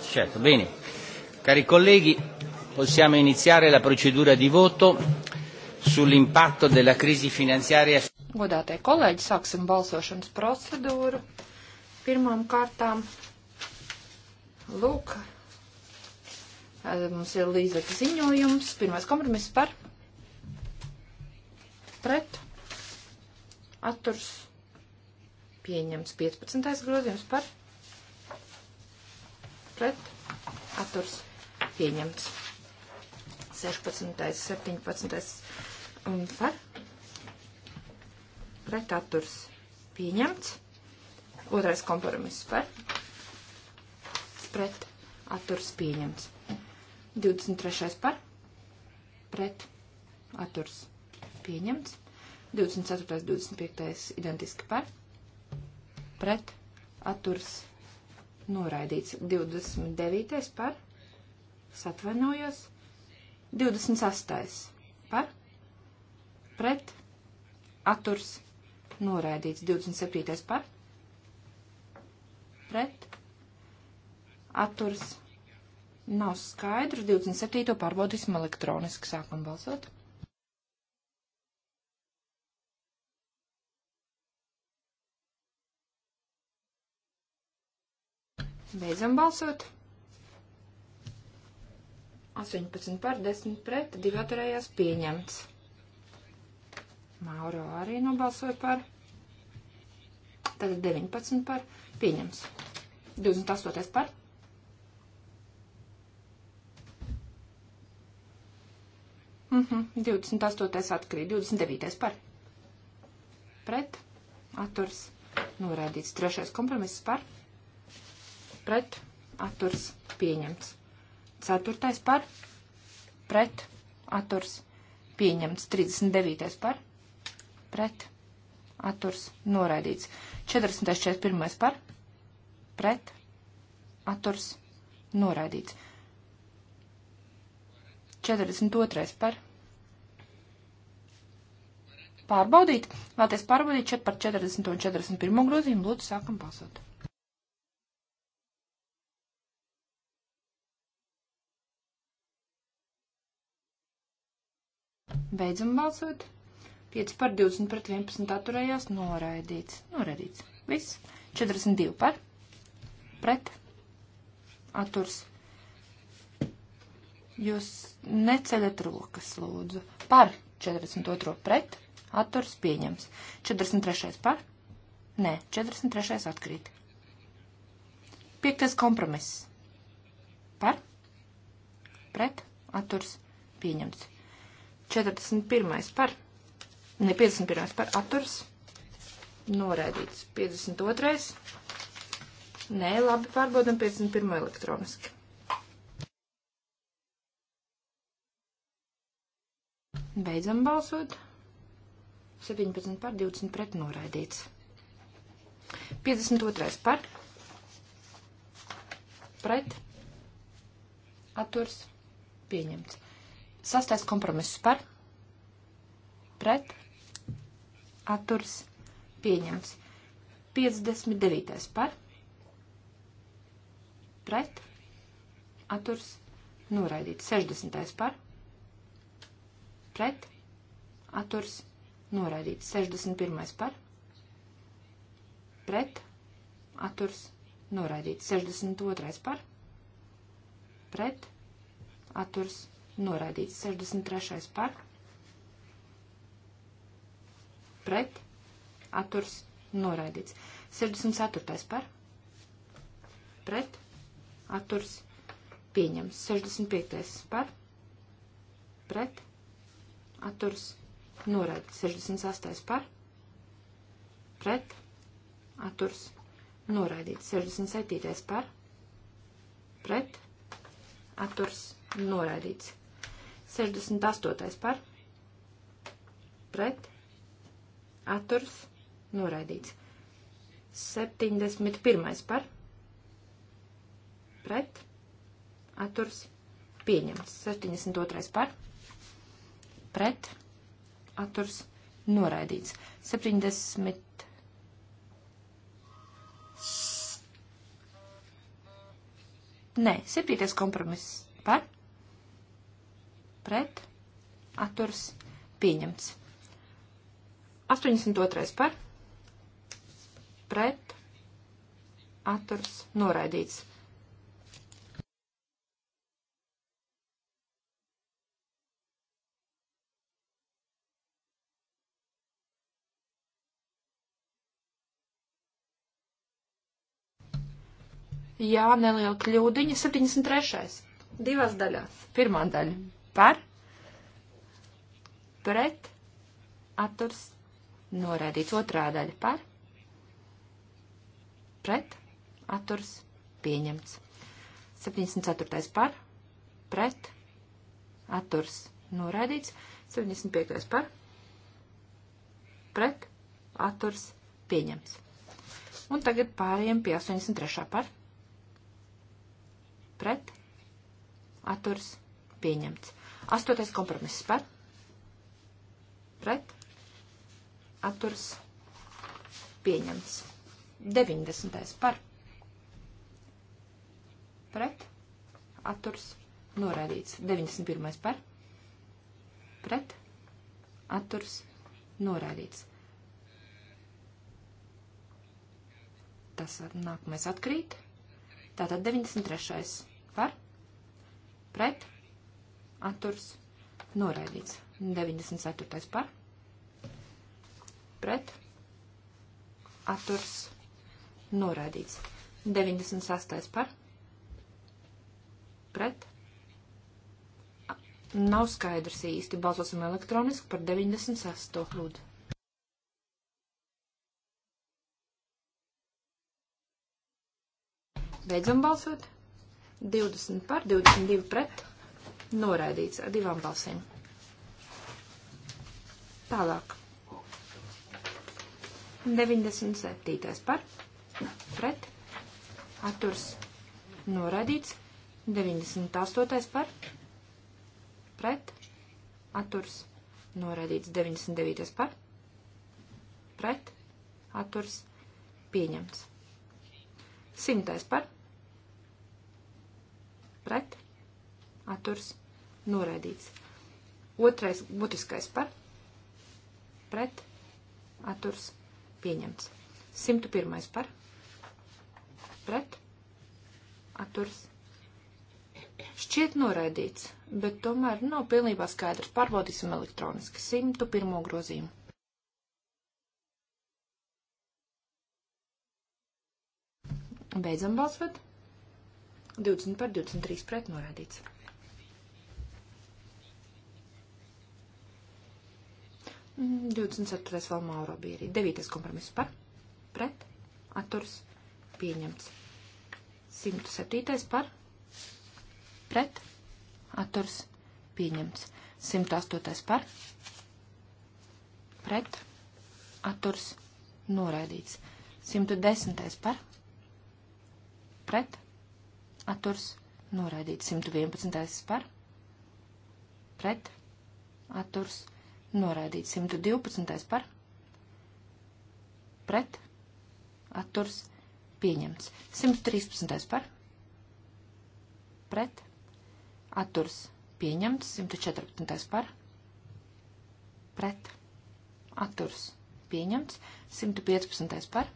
Certo, bene. Cari colleghi, possiamo iniziare la procedura di voto sull'impatto della crisi finanziaria. Godātie kolēģi, sāksim balsošanas procedūru. Pirmām kārtām, lūk, eh, mums ir līdzekļu ziņojums. Pirmais kompromiss par pret atturs pieņems 15. grozījums par pret atturs pieņemts. 16. 17. un par pret atturs pieņemts. Otrais kompromiss par pret atturs pieņemts. 23. par pret atturs pieņemts. 24. 25. identiski par pret atturs pieņemts noraidīts. 29. par, satvainojos, 28. par, pret, aturs, noraidīts. 27. par, pret, aturs, nav skaidrs. 27. pārbaudīsim elektroniski, sākam balsot. Beidzam balsot. 18 par 10 pret, divi atturējās pieņemts. Mauro arī nobalsoja par. Tātad 19 par pieņems. 28 par. Mhm, uh -huh, 28 atkrīt, 29 par. Pret, atturs, norādīts, trešais kompromiss par pret, atturs pieņemts. Ceturtais par, pret, atturs pieņemts. 39. par, pret, atturs noraidīts. 41. par, pret, atturs noraidīts. 42. par, pārbaudīt, vēlties pārbaudīt par 40 un 41 grozījumu, lūdzu, sākam balsot. Beidzam balsot. 5 par 20 pret 11 atturējās noraidīts. Noraidīts. Viss. 42 par. Pret. Atturs. Jūs neceļat rokas, lūdzu. Par 42 pret. Atturs pieņems. 43 par. Nē, 43 atkrīt. Piektais kompromiss. Par. Pret. Atturs pieņems. 41. par, ne 51. par atturs, noraidīts. 52. Nē, labi, pārbaudam 51. elektroniski. Beidzam balsot. 17 par 20 pret noraidīts. 52. par pret atturs pieņemts. Sastais kompromiss par, pret, atturs, pieņems. 59. par, pret, atturs, noraidīts. 60. par, pret, atturs, noraidīts. 61. par, pret, atturs, noraidīts. 62. par, pret, atturs, noraidīts pret, atturs, noraidīts. 63. par, pret, atturs, noraidīts. 64. par, pret, atturs, pieņems. 65. par, pret, atturs, noraidīts. 68. par, pret, atturs, noraidīts. 67. par, pret, atturs, noraidīts. 68. par pret atturs noraidīts. 71. par pret atturs pieņemts. 72. par pret atturs noraidīts. 70. 7. Nē, 7. kompromiss par pret pret, atturs, pieņemts. 82. par, pret, atturs, noraidīts. Jā, neliela kļūdiņa. 73. Divās daļās. Pirmā daļa par, pret, atturs, noraidīts otrā daļa par, pret, atturs, pieņemts. 74. par, pret, atturs, noraidīts. 75. par, pret, atturs, pieņemts. Un tagad pārējiem pie 83. par, pret, atturs, pieņemts pieņemts. Astotais kompromiss par, pret, atturs, pieņemts. 90. par, pret, atturs, noraidīts. 91. par, pret, atturs, noraidīts. Tas nākamais atkrīt. Tātad 93. par, pret, atturs atturs noraidīts. 94. par pret atturs noraidīts. 98. par pret nav skaidrs īsti. Balsosim elektroniski par 96. lūdzu. Beidzam balsot. 20 par, 22 pret noraidīts ar divām balsīm. Tālāk. 97. par pret atturs noraidīts. 98. par pret atturs noraidīts. 99. par pret atturs pieņemts. 100. par pret atturs noraidīts. Otrais būtiskais par pret atturs pieņemts. 101. par pret atturs šķiet noraidīts, bet tomēr nav pilnībā skaidrs. Pārbaudīsim elektroniski 101. grozījumu. Beidzam balsot. 20 par 23 pret noraidīts. 24. Mm, vēl Mauro bija arī. 9. kompromiss par, pret, atturs, pieņemts. 107. par, pret, atturs, pieņemts. 108. par, pret, atturs, noraidīts. 110. par, pret, atturs, noraidīts. 111. par, pret, atturs, noraidīts Noraidīts 112. par. Pret. Atturs. Pieņemts. 113. par. Pret. Atturs. Pieņemts. 114. par. Pret. Atturs. Pieņemts. 115. par.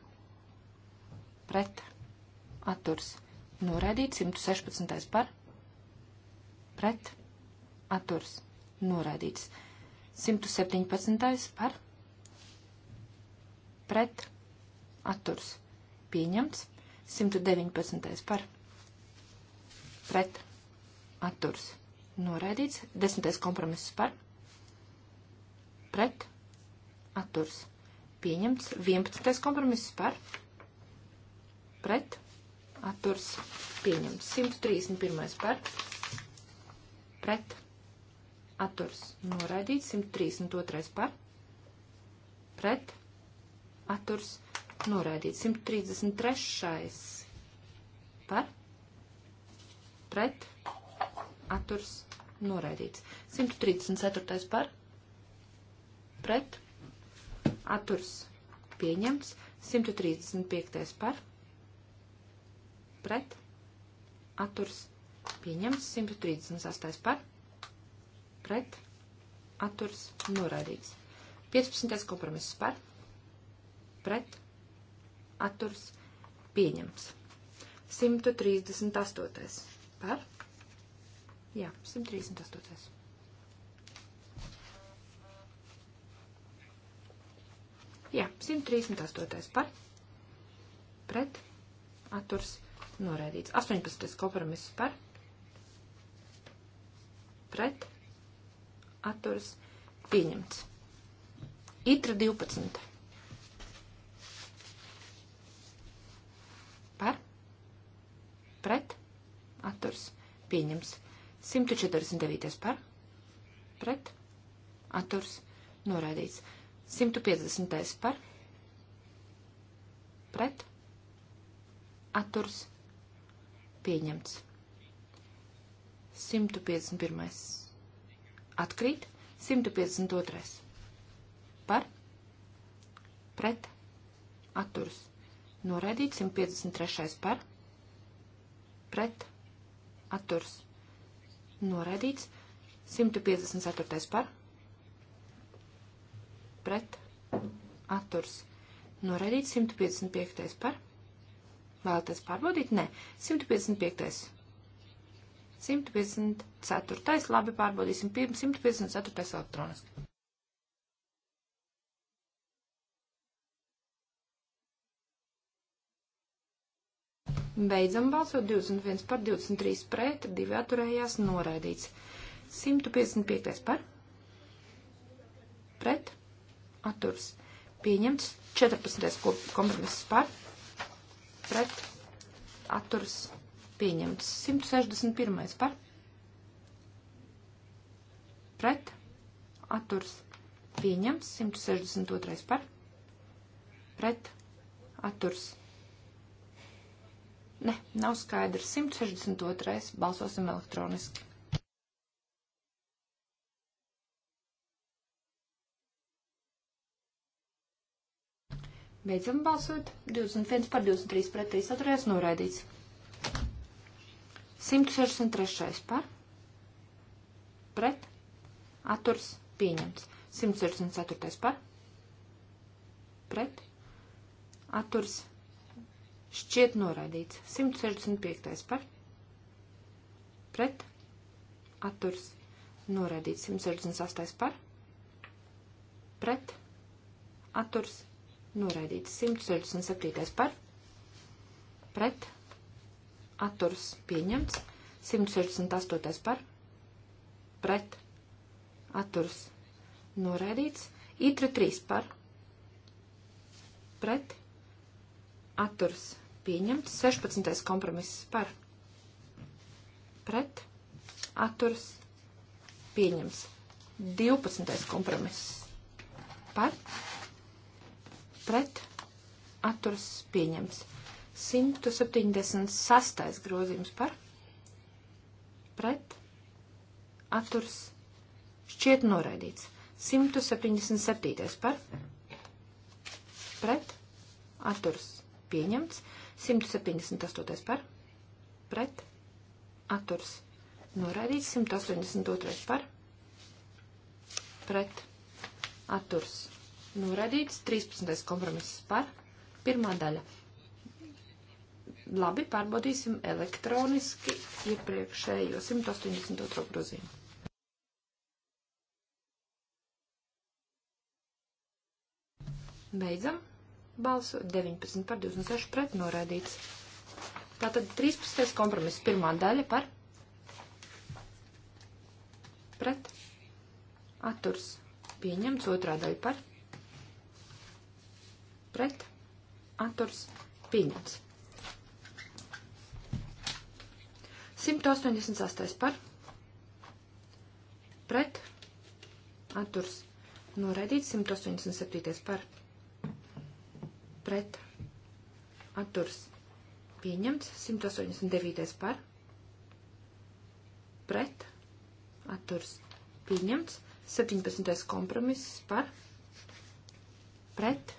Pret. Atturs. Noraidīts. 116. par. Pret. Atturs. Noraidīts. 117. par pret atturs pieņemts. 119. par pret atturs noraidīts. 10. kompromiss par pret atturs pieņemts. 11. kompromiss par pret atturs pieņemts. 131. par pret atturs pieņemts pret atturs noraidīts, 132 par, pret, atturs noraidīts, 133 par, pret, atturs noraidīts, 134 par, pret, atturs pieņemts, 135 par, pret, atturs pieņemts, 138 par, pret, atturs noraidīts. 15. kompromiss par, pret, atturs pieņems. 138. par, jā, 138. Jā, 138. par, pret, atturs noraidīts. 18. kompromiss par, pret, atturas pieņemts. Itra 12. Par, pret, atturas pieņems. 149. par, pret, atturas noraidīts. 150. par, pret, atturas pieņemts. 151. Atkrīt 152. Par pret atturas. Noraidīt 153. par pret atturas. Noraidīts 154. par pret atturas. Noraidīt 155. par vēlaties pārbaudīt? Nē, 155. 154. Labi, pārbaudīsim 154. elektroniski. Beidzam balsot 21 par 23 pret, 2 atturējās noraidīts. 155 par. Pret. Atturs. Pieņemts. 14. kompromiss par. Pret. Atturs pieņemts. 161. par. Pret. Atturs pieņemts. 162. par. Pret. Atturs. Ne, nav skaidrs. 162. balsosim elektroniski. Beidzam balsot. 21 par 23 pret 3 atturējās noraidīts. 163. par pret atturs pieņemts. 164. par pret atturs šķiet noraidīts. 165. par pret atturs noraidīts. 168. par pret atturs noraidīts. 167. par pret atturs atturs pieņemts, 168. par, pret, atturs noraidīts, itra 3 par, pret, atturs pieņemts, 16. kompromiss par, pret, atturs pieņemts, 12. kompromiss par, pret, atturs pieņemts. 176. grozījums par pret atturs šķiet noraidīts. 177. par pret atturs pieņemts. 178. par pret atturs noraidīts. 182. par pret atturs noraidīts. 13. kompromiss par pirmā daļa Labi, pārbaudīsim elektroniski iepriekšējo 182. grozījumu. Beidzam. Balsu 19 par 26 pret noraidīts. Tātad 13. kompromiss pirmā daļa par pret atturs pieņemts, otrā daļa par pret atturs pieņemts. 188 par pret atturs noraidīts 187 par pret atturs pieņemts 189 par pret atturs pieņemts 17. kompromiss par pret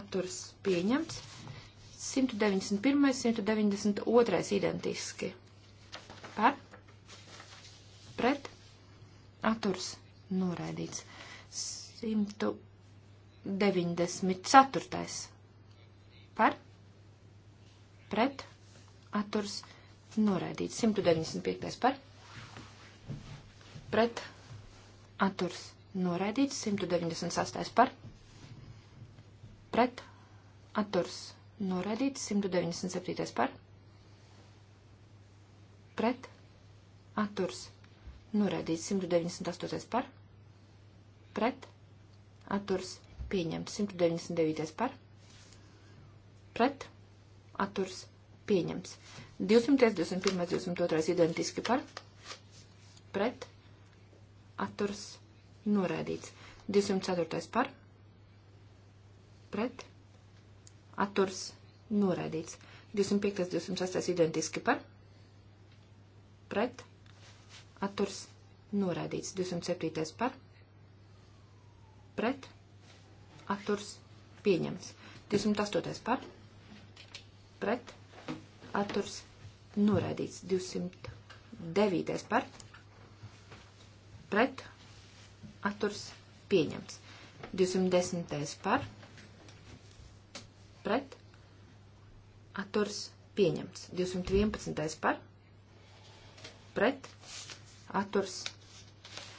atturs pieņemts 191. 192. identiski par, pret, atturs noraidīts. 194. par, pret, atturs noraidīts. 195. par, pret, atturs noraidīts. 198. par, pret, atturs noraidīts. 197. par, pret atturs noraidīts 198 par pret atturs pieņemts 199 par pret atturs pieņemts 200, 201, 202 identiski par pret atturs noraidīts 204 par pret atturs noraidīts 205, 206 identiski par pret pret, atturs noraidīts. 207. par, pret, atturs pieņemts. 208. par, pret, atturs noraidīts. 209. par, pret, atturs pieņemts. 210. par, pret, atturs pieņemts. 211. par, pret atturs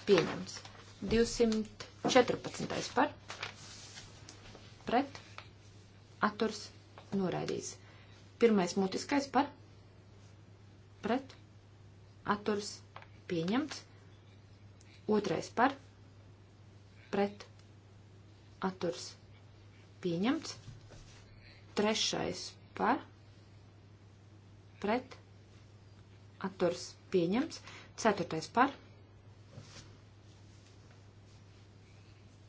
pieņems. 214. par pret atturs noraidīs. Pirmais mutiskais par pret atturs pieņemts. Otrais par pret atturs pieņemts. Trešais par pret atturs pieņemts pieņemts. Ceturtais par,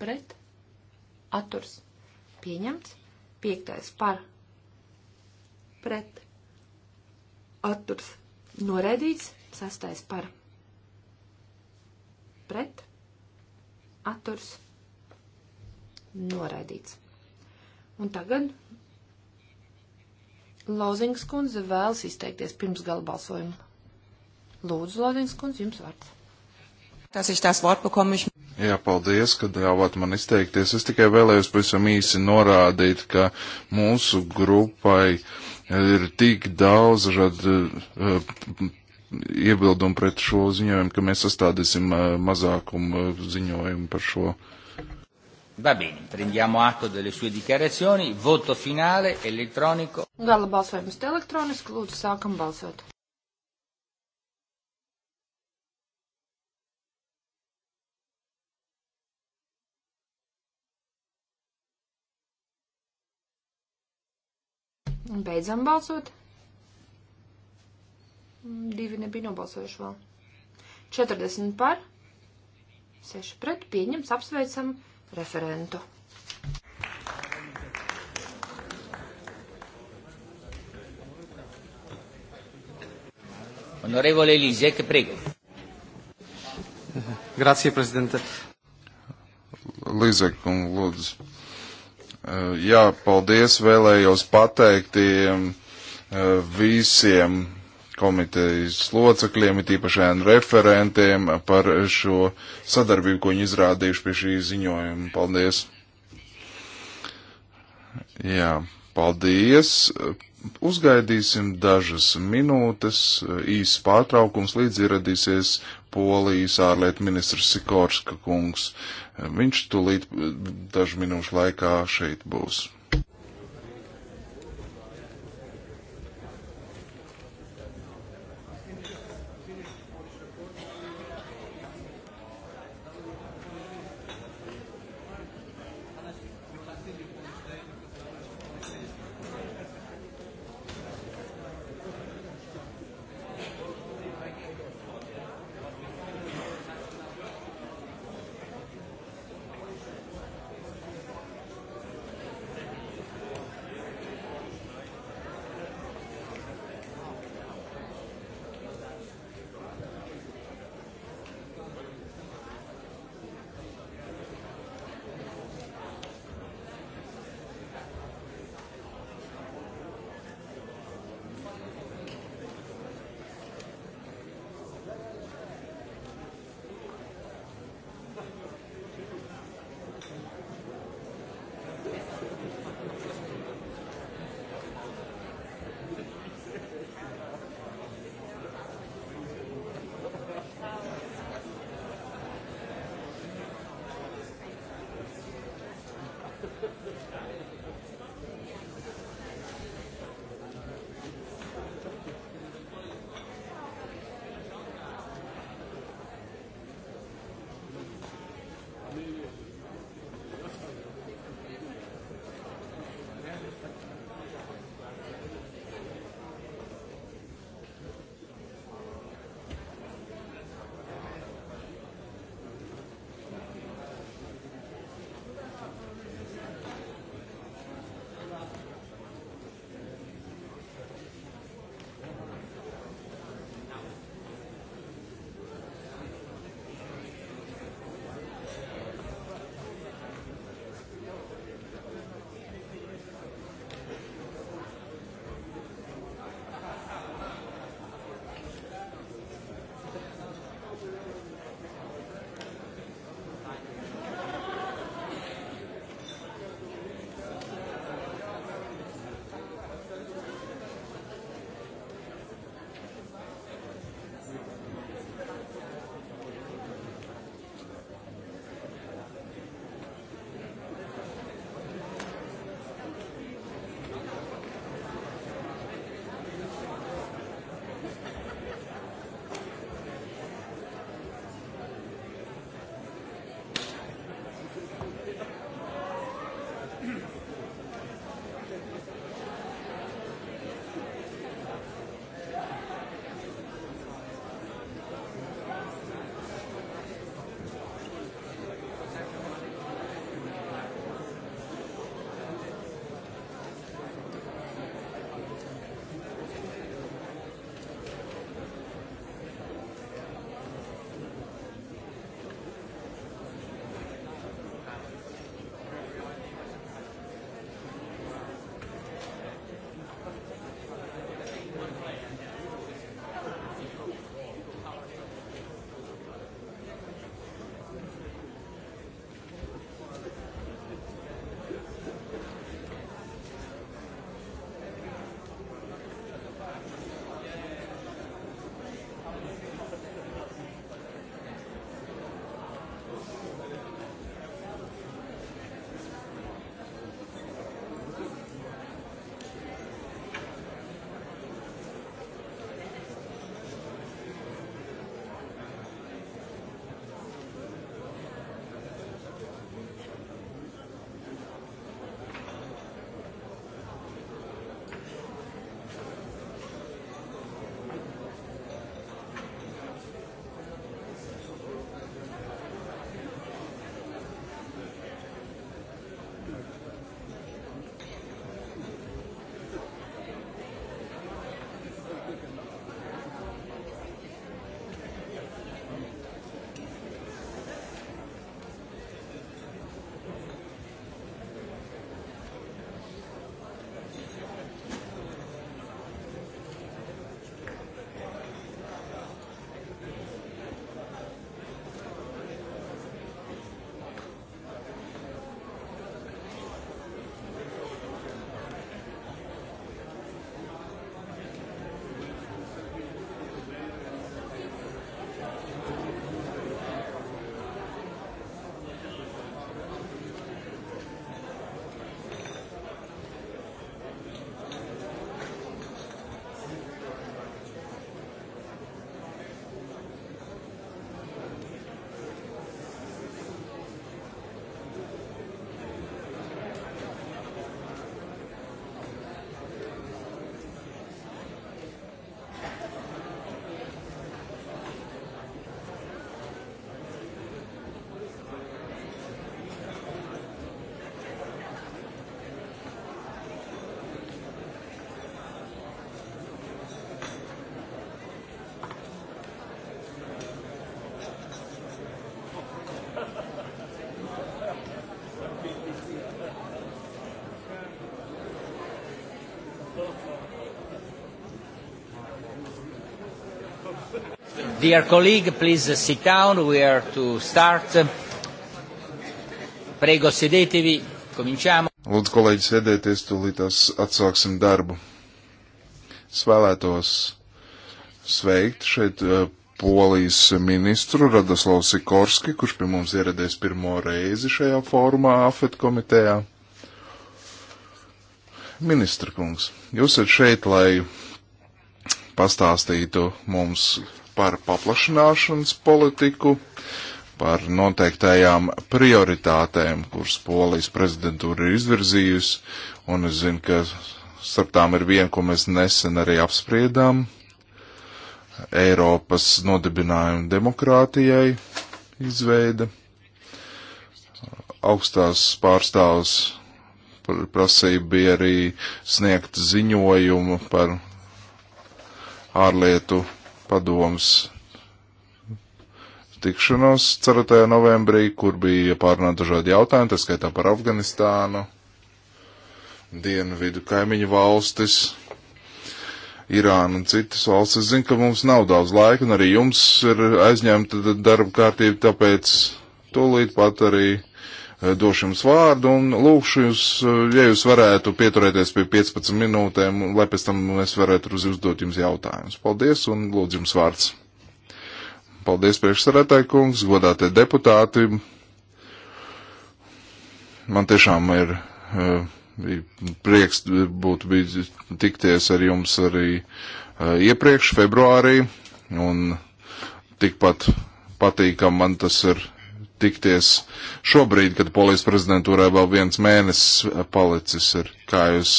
pret, atturs, pieņemts. Piektais par, pret, atturs, noraidīts. Sastais par, pret, atturs, noraidīts. Un tagad Lozings kundze vēlas izteikties pirms gala balsojuma. Lūdzu, Lodins kundze, jums vārds. Tas ir tās vārds, ko viņš. Jā, paldies, ka ļāvāt man izteikties. Es tikai vēlējos pavisam īsi norādīt, ka mūsu grupai ir tik daudz dažādu uh, iebildumu pret šo ziņojumu, ka mēs sastādīsim uh, mazākumu uh, ziņojumu par šo. Va bene, prendiamo atto delle sue dichiarazioni, voto finale elettronico. Gala balsojums elektroniski, lūdzu sākam balsot. Un beidzam balsot. Mm, divi nebija nobalsojuši vēl. 40 par, 6 pret, pieņems, apsveicam referentu. Onorevole Elisek, prego. Grazie, Presidente. Līdzekam, lūdzu. Eh, jā, paldies, vēlējos pateikt eh, visiem komitejas locekļiem, it īpaši referentiem par šo sadarbību, ko viņi izrādījuši pie šī ziņojuma. Paldies! Jā, paldies! Uzgaidīsim dažas minūtes, eh, īsts pārtraukums, līdz ieradīsies Polijas ārlietu ministrs Sikorska kungs. Viņš tūlīt dažu minūšu laikā šeit būs. Dear colleague, please sit down, we are to start. Prego sedetevi, cominciamo. Lūdzu, kolēģi, sēdieties, tūlīt atsāksim darbu. Es vēlētos sveikt šeit eh, polijas ministru Radoslavu Sikorski, kurš pie mums ieradies pirmo reizi šajā formā AFET komitejā. Ministra kungs, jūs esat šeit, lai pastāstītu mums, par paplašināšanas politiku, par noteiktajām prioritātēm, kuras Polijas prezidentūra ir izvirzījusi, un es zinu, ka starp tām ir viena, ko mēs nesen arī apspriedām - Eiropas nodibinājumu demokrātijai izveida. Augstās pārstāvs prasība bija arī sniegt ziņojumu par ārlietu padoms tikšanos 4. novembrī, kur bija pārunāti dažādi jautājumi, tā skaitā par Afganistānu, dienvidu kaimiņu valstis, Irānu un citas valstis. Es zinu, ka mums nav daudz laika, un arī jums ir aizņemta darba kārtība, tāpēc tūlīt pat arī Eh, došu jums vārdu un lūkšu jūs, eh, ja jūs varētu pieturēties pie 15 minūtēm, lai pēc tam es varētu uzdot jums jautājumus. Paldies un lūdzu jums vārds. Paldies priekšsarētāji kungs, godātie deputāti. Man tiešām ir eh, prieks būt bijis tikties ar jums arī iepriekš februārī un tikpat patīkam man tas ir tikties šobrīd, kad polijas prezidentūrā vēl viens mēnesis palicis ir, kā jūs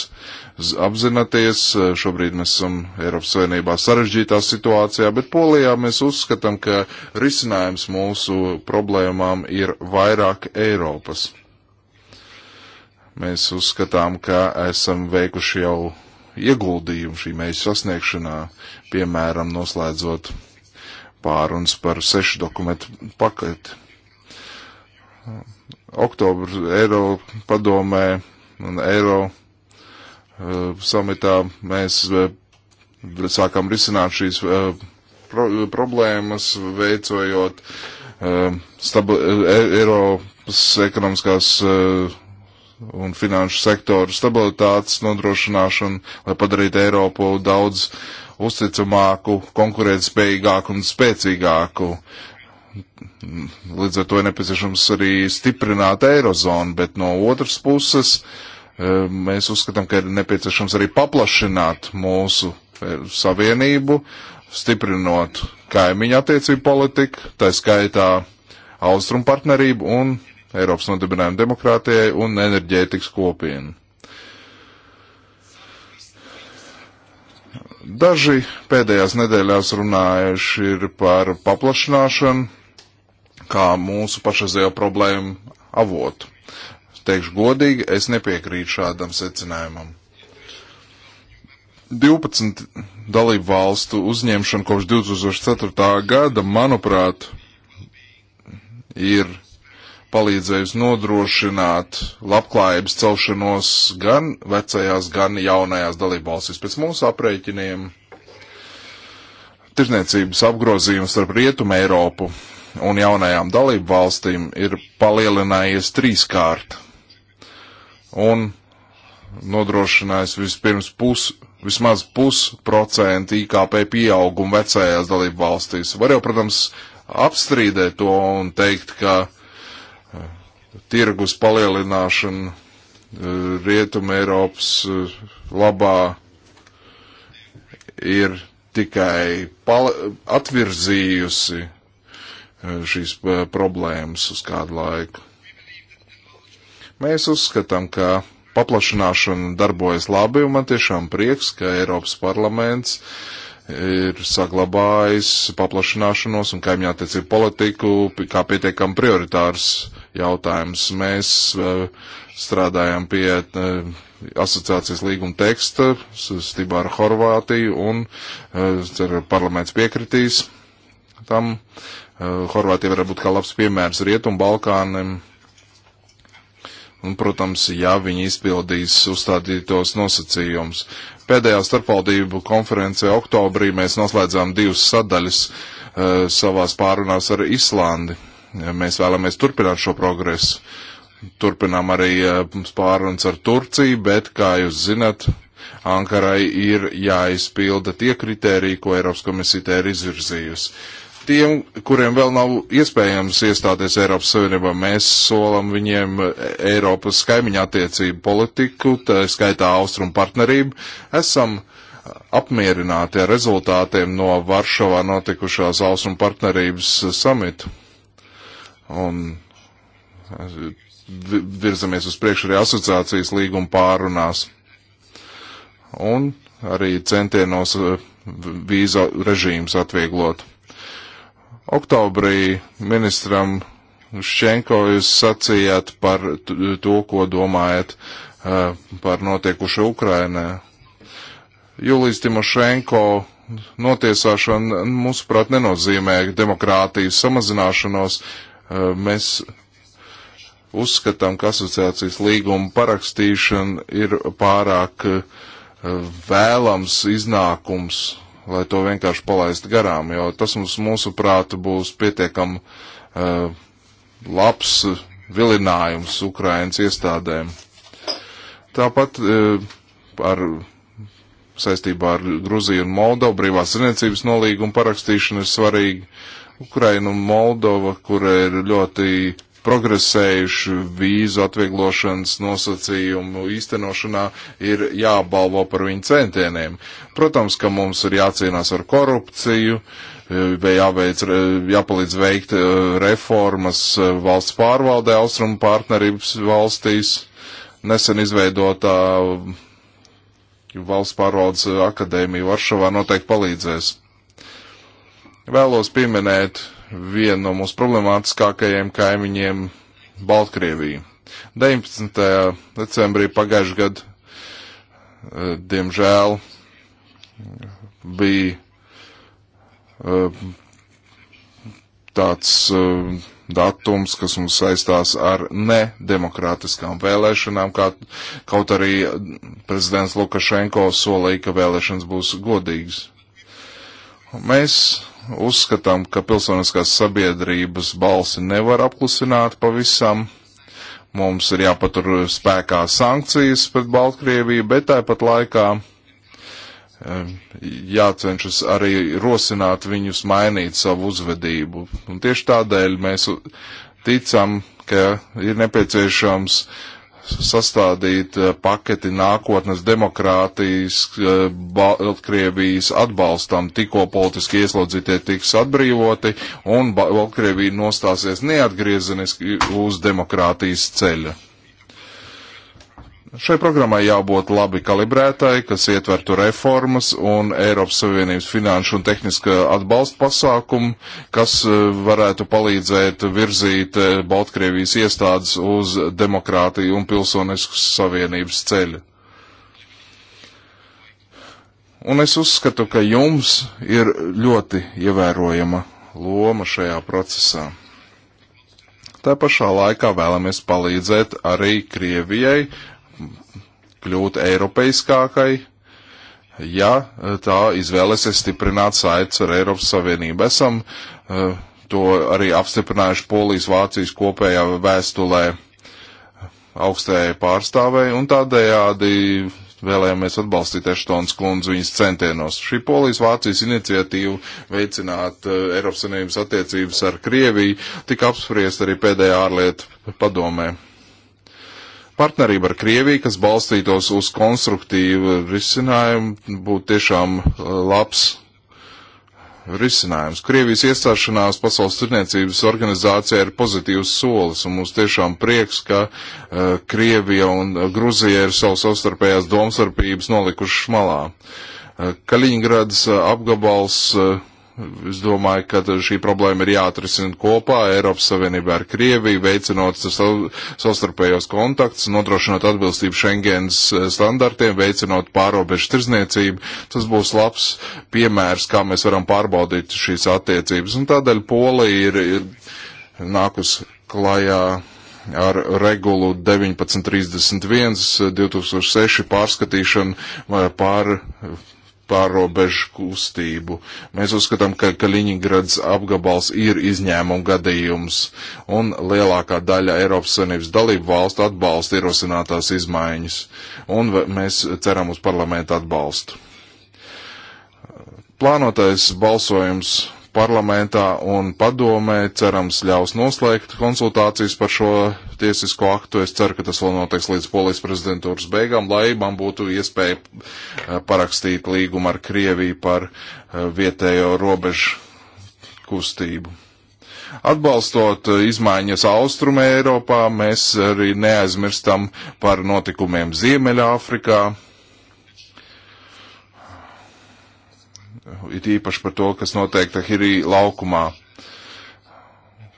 apzināties, šobrīd mēs esam Eiropas Savienībā sarežģītā situācijā, bet polijā mēs uzskatām, ka risinājums mūsu problēmām ir vairāk Eiropas. Mēs uzskatām, ka esam veikuši jau ieguldījumu šī mērķa sasniegšanā, piemēram, noslēdzot pārunas par sešu dokumentu paketi oktobra Eiro padomē un Eiro eh, samitā mēs eh, sākam risināt šīs eh, pro problēmas, veicojot Eiropas ekonomiskās un finanšu sektoru stabilitātes nodrošināšanu, lai padarītu Eiropu daudz uzticamāku, konkurētspējīgāku un spēcīgāku. Līdz ar to ir nepieciešams arī stiprināt eirozonu, bet no otras puses eh, mēs uzskatām, ka ir nepieciešams arī paplašināt mūsu eh, savienību, stiprinot kaimiņu attiecību politiku, tā skaitā austrumu partnerību un Eiropas nodibinājumu demokrātijai un enerģētikas kopienu. Daži pēdējās nedēļās runājuši ir par paplašināšanu kā mūsu pašreizējo problēmu avotu. Teikšu godīgi, es nepiekrītu šādam secinājumam. 12 dalību valstu uzņemšana kopš 2004. gada, manuprāt, ir palīdzējusi nodrošināt labklājības celšanos gan vecajās, gan jaunajās dalībvalstīs. Pēc mūsu aprēķiniem tirzniecības apgrozījums starp Rietumu Eiropu un jaunajām dalību valstīm ir palielinājies trīskārt un nodrošinājis vispirms pus, vismaz pusprocentu IKP pieaugumu vecajās dalību valstīs. Var jau, protams, apstrīdēt to un teikt, ka eh, tirgus palielināšana eh, Rietuma Eiropas eh, labā ir tikai atvirzījusi Eh, šīs eh, problēmas uz kādu laiku. Mēs uzskatām, ka paplašināšana darbojas labi, un man tiešām prieks, ka Eiropas parlaments ir saglabājis paplašināšanos un kaimiņā tiecību politiku kā pietiekam prioritārs jautājums. Mēs eh, strādājam pie asociācijas līguma teksta stībā ar Horvātiju un ceru, parlaments piekritīs tam. Uh, Eh, Horvātija var būt kā labs piemērs Rietumu Balkāniem. Un, protams, ja viņi izpildīs uzstādītos nosacījumus. Pēdējā starpvaldību konferencē oktobrī mēs noslēdzām divas sadaļas uh, savās pārunās ar Islandi. Eh, mēs vēlamies turpināt šo progresu. Turpinām arī uh, pārunas ar Turciju, bet, kā jūs zinat, Ankarai ir jāizpilda tie kritēriji, ko Eiropas komisija ir izvirzījusi. Uh, tiem, kuriem vēl nav iespējams iestāties Eiropas Savienībā. Mēs solam viņiem Eiropas kaimiņa attiecību politiku, tā skaitā austrumu partnerību. Esam apmierināti ar rezultātiem no Varšavā notikušās austrumu partnerības samitu. Un virzamies uz priekšu arī asociācijas līguma pārunās. Un arī centienos eh, vīza režīms atvieglot. Oktobrī ministram Šenko jūs sacījāt par to, ko domājat uh, par notiekušo Ukrainā. Julijas Timošenko notiesāšana, mūsuprāt, nenozīmē demokrātijas samazināšanos. Uh, mēs uzskatām, ka asociācijas līguma parakstīšana ir pārāk uh, vēlams iznākums lai to vienkārši palaistu garām, jo tas mums, mūsuprāt, būs pietiekam uh, labs vilinājums Ukrainas iestādēm. Tāpat uh, ar saistībā ar Gruziju un Moldovu brīvās zinātības nolīgumu parakstīšanu ir svarīgi. Ukraina un Moldova, kur ir ļoti progresējuši vīzu atvieglošanas nosacījumu īstenošanā, ir jābalvo par viņu centieniem. Protams, ka mums ir jācīnās ar korupciju, vai jāveic, jāpalīdz veikt eh, reformas eh, valsts pārvaldē, austrumu partnerības valstīs, nesen izveidotā eh, valsts pārvaldes akadēmija Varšavā noteikti palīdzēs. Vēlos pieminēt viena no mūsu problemātiskākajiem kaimiņiem Baltkrieviju. 19. decembrī pagājušajā gadā, eh, diemžēl, bija eh, tāds eh, datums, kas mums saistās ar nedemokrātiskām vēlēšanām, kā, kaut arī prezidents Lukašenko solīja, ka vēlēšanas būs godīgas. Mēs uzskatām, ka pilsoniskās sabiedrības balsi nevar apklusināt pavisam. Mums ir jāpatur spēkā sankcijas pret Baltkrieviju, bet tāpat laikā eh, jācenšas arī rosināt viņus mainīt savu uzvedību. Un tieši tādēļ mēs ticam, ka ir nepieciešams uh, sastādīt eh, paketi nākotnes demokrātijas eh, Baltkrievijas atbalstam, tikko politiski ieslodzītie tiks atbrīvoti un Baltkrievija nostāsies neatgriezeniski uz demokrātijas ceļa. Šai programmai jābūt labi kalibrētai, kas ietvertu reformas un Eiropas Savienības finanšu un tehniska atbalsta pasākumu, kas e, varētu palīdzēt virzīt e, Baltkrievijas iestādes uz demokrātiju un pilsoniskas savienības ceļu. Un es uzskatu, ka jums ir ļoti ievērojama loma šajā procesā. Tā pašā laikā vēlamies palīdzēt arī Krievijai kļūt eiropeiskākai, ja eh, tā izvēlēsies stiprināt saites ar Eiropas Savienību. Esam uh, to arī apstiprinājuši Polijas Vācijas kopējā vēstulē augstajai pārstāvēji un tādējādi vēlējāmies atbalstīt Eštons kundzi viņas centienos. Šī Polijas Vācijas iniciatīva veicināt uh, Eiropas Savienības attiecības ar Krieviju tika apspriest arī pēdējā ārlietu padomē partnerība ar Krieviju, kas balstītos uz konstruktīvu risinājumu, būtu tiešām uh, labs risinājums. Krievijas iestāšanās Pasaules tirniecības organizācijā ir pozitīvs solis, un mums tiešām prieks, ka uh, Krievija un uh, Gruzija ir savas savstarpējās domstarpības nolikušas malā. Uh, Kaļiņgrads uh, apgabals. Uh, Es domāju, ka šī problēma ir jāatrisina kopā Eiropas Savienībā ar Krieviju, veicinot savstarpējos kontaktus, nodrošinot atbilstību Schengens eh, standartiem, veicinot pārobežu tirzniecību. Tas būs labs piemērs, kā mēs varam pārbaudīt šīs attiecības. Un tādēļ Polija ir, ir nākus klajā ar regulu 1931 2006 eh, pārskatīšanu eh, par pārobežu kustību. Mēs uzskatām, ka Kaliņingrads apgabals ir izņēmuma gadījums, un lielākā daļa Eiropas Savienības dalību valstu atbalsta ierosinātās izmaiņas, un mēs ceram uz parlamentu atbalstu. Plānotais balsojums parlamentā un padomē, cerams, ļaus noslēgt konsultācijas par šo tiesisko aktu. Es ceru, ka tas vēl notiks līdz polijas prezidentūras beigām, lai man būtu iespēja eh, parakstīt līgumu ar Krieviju par eh, vietējo robežu kustību. Atbalstot eh, izmaiņas austrumē Eiropā, mēs arī neaizmirstam par notikumiem Ziemeļāfrikā. Afrikā it īpaši par to, kas notiek Tahirī laukumā.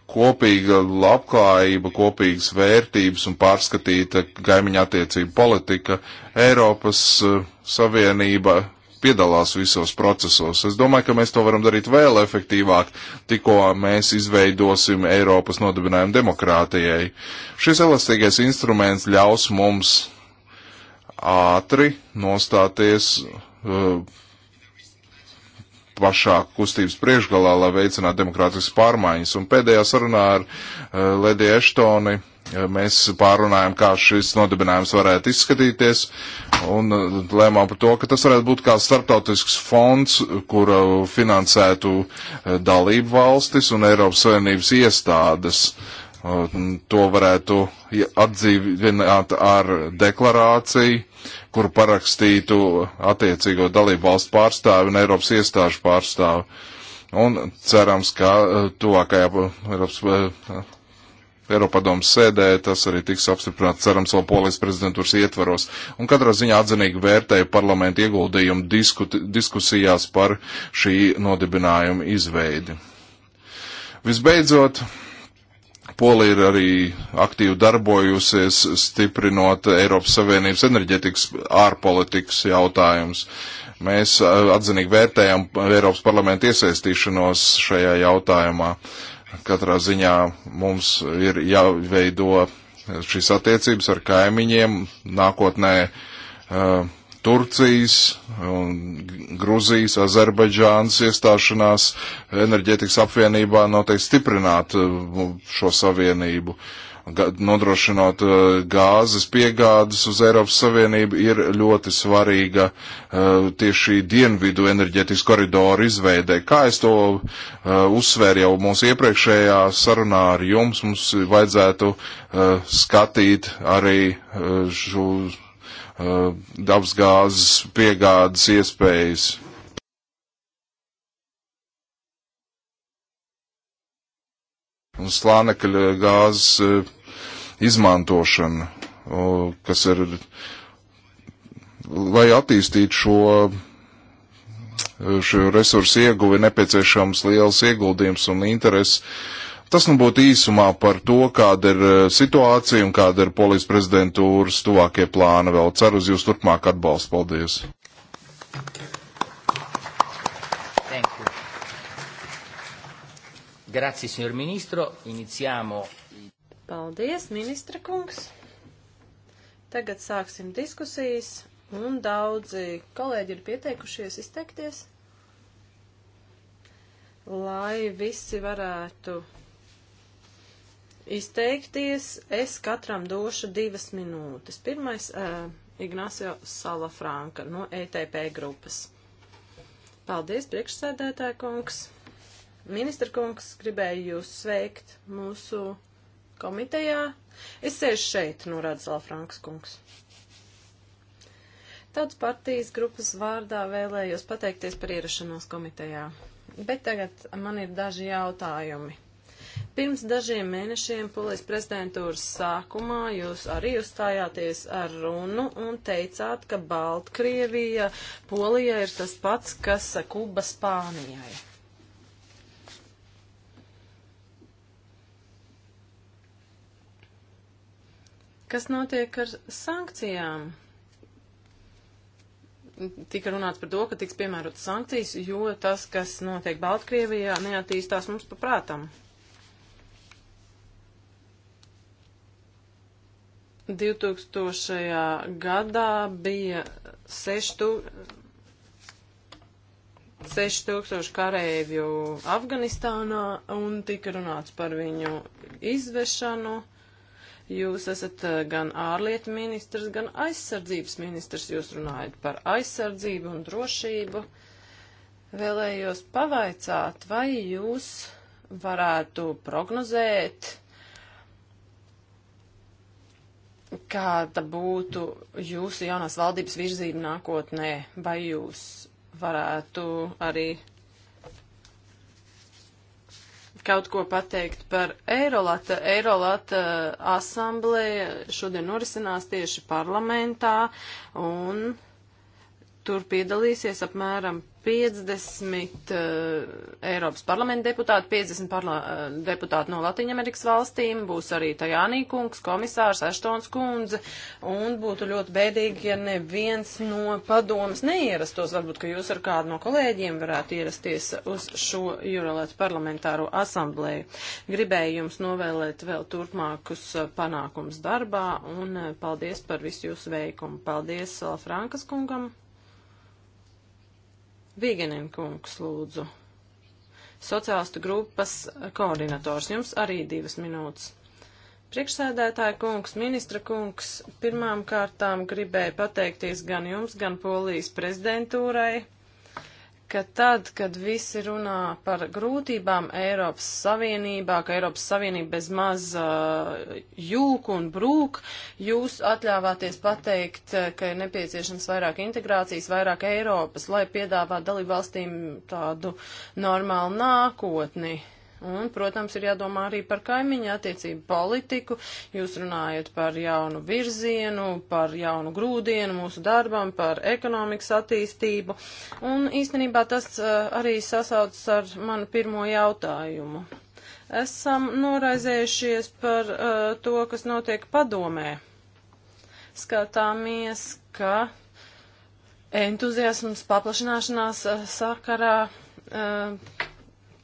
Kopīga labklājība, kopīgas vērtības un pārskatīta kaimiņa attiecība politika, Eiropas e, Savienība piedalās visos procesos. Es domāju, ka mēs to varam darīt vēl efektīvāk, tikko mēs izveidosim Eiropas nodibinājumu demokrātijai. Šis elastīgais instruments ļaus mums ātri nostāties uh, pašā kustības priekšgalā, lai veicinātu demokrātiskas pārmaiņas. Un pēdējā sarunā ar uh, eh, Ledi Eštoni uh, mēs pārunājam, kā šis nodibinājums varētu izskatīties, un uh, lēmām par to, ka tas varētu būt kā starptautisks fonds, kuru finansētu dalību valstis un Eiropas Savienības iestādes. Uh, Uh, to varētu atdzīvināt ar deklarāciju, kur parakstītu attiecīgo dalību valstu pārstāvi un Eiropas iestāžu pārstāvi. Un cerams, ka uh, tuvākajā uh, Eiropas, Eiropadomas sēdē tas arī tiks apstiprināts, cerams, vēl polijas prezidentūras ietvaros. Un katrā ziņā atzinīgi vērtēju parlamentu ieguldījumu disku, diskusijās par šī nodibinājuma izveidi. Visbeidzot, Polija ir arī aktīvi darbojusies, stiprinot Eiropas Savienības enerģetikas ārpolitikas jautājumus. Mēs atzinīgi vērtējam Eiropas parlamentu iesaistīšanos šajā jautājumā. Katrā ziņā mums ir jāveido šīs attiecības ar kaimiņiem nākotnē. Uh, Turcijas un Gruzijas, Azerbaidžānas iestāšanās enerģētikas apvienībā noteikti stiprināt uh, šo savienību. Nodrošinot uh, gāzes piegādes uz Eiropas Savienību ir ļoti svarīga uh, tieši dienvidu enerģētikas koridoru izveidē. Kā es to uzsvēru jau mūsu iepriekšējā sarunā ar jums, mums vajadzētu skatīt arī šo Uh, dabasgāzes piegādes iespējas. Un slānekļa gāzes uh, izmantošana, kas ir, lai attīstītu šo uh, šo resursu ieguvi nepieciešams liels ieguldījums un interesi Tas nu būtu īsumā par to, kāda ir eh, situācija un kāda ir polijas prezidentūras tuvākie plāni. Vēl ceru uz jūsu turpmāk atbalstu. Paldies! Grazie, signor Ministro. Iniziamo. Paldies, ministra kungs. Tagad sāksim diskusijas, un daudzi kolēģi ir pieteikušies izteikties, lai visi varētu izteikties. Es katram došu divas minūtes. Pirmais uh, eh, Ignācio Salafranka no ETP grupas. Paldies, priekšsēdētāja kungs. Ministra kungs, gribēju jūs sveikt mūsu komitejā. Es sēžu šeit, norāda nu, Salafrankas kungs. Tautas partijas grupas vārdā vēlējos pateikties par ierašanos komitejā. Bet tagad man ir daži jautājumi. Pirms dažiem mēnešiem polijas prezidentūras sākumā jūs arī uzstājāties ar runu un teicāt, ka Baltkrievija Polija ir tas pats, kas Kuba Spānijai. Kas notiek ar sankcijām? tika runāts par to, ka tiks piemērotas sankcijas, jo tas, kas notiek Baltkrievijā, neattīstās mums paprātam. 2000. gadā bija 6000 karēvju Afganistānā un tika runāts par viņu izvešanu. Jūs esat eh, gan ārlietu ministrs, gan aizsardzības ministrs. Jūs runājat par aizsardzību un drošību. Vēlējos pavaicāt, vai jūs varētu prognozēt, kāda būtu jūsu jaunās valdības virzība nākotnē? Vai jūs varētu arī kaut ko pateikt par Eirolata? Eirolata asambleja šodien norisinās tieši parlamentā un tur piedalīsies apmēram 50 uh, eh, Eiropas parlamenta deputāti, 50 parla eh, deputāti no Latvijas valstīm, būs arī Tajānī kungs, komisārs Aštons kundze, un būtu ļoti bēdīgi, ja neviens no padomas neierastos. Varbūt, ka jūs ar kādu no kolēģiem varētu ierasties uz šo Juralētu parlamentāro asamblēju. Gribēju jums novēlēt vēl turpmākus eh, panākums darbā, un paldies par visu jūsu veikumu. Paldies Salafrankas kungam. Vīganen kungs, lūdzu. Sociālistu grupas koordinators, jums arī divas minūtes. Priekšsēdētāja kungs, ministra kungs, pirmām kārtām gribēju pateikties gan jums, gan Polijas prezidentūrai ka tad, kad visi runā par grūtībām Eiropas Savienībā, ka Eiropas Savienība bez maz uh, jūk un brūk, jūs atļāvāties pateikt, uh, ka ir nepieciešams vairāk integrācijas, vairāk Eiropas, lai piedāvātu dalībvalstīm tādu normālu nākotni. Uh, Un, protams, ir jādomā arī par kaimiņu attiecību politiku. Jūs runājat par jaunu virzienu, par jaunu grūdienu mūsu darbam, par ekonomikas attīstību. Un īstenībā tas uh, arī sasaucas ar manu pirmo jautājumu. Esam noraizējušies par uh, to, kas notiek padomē. Skatāmies, ka entuziasms paplašināšanās uh, sakarā. Uh,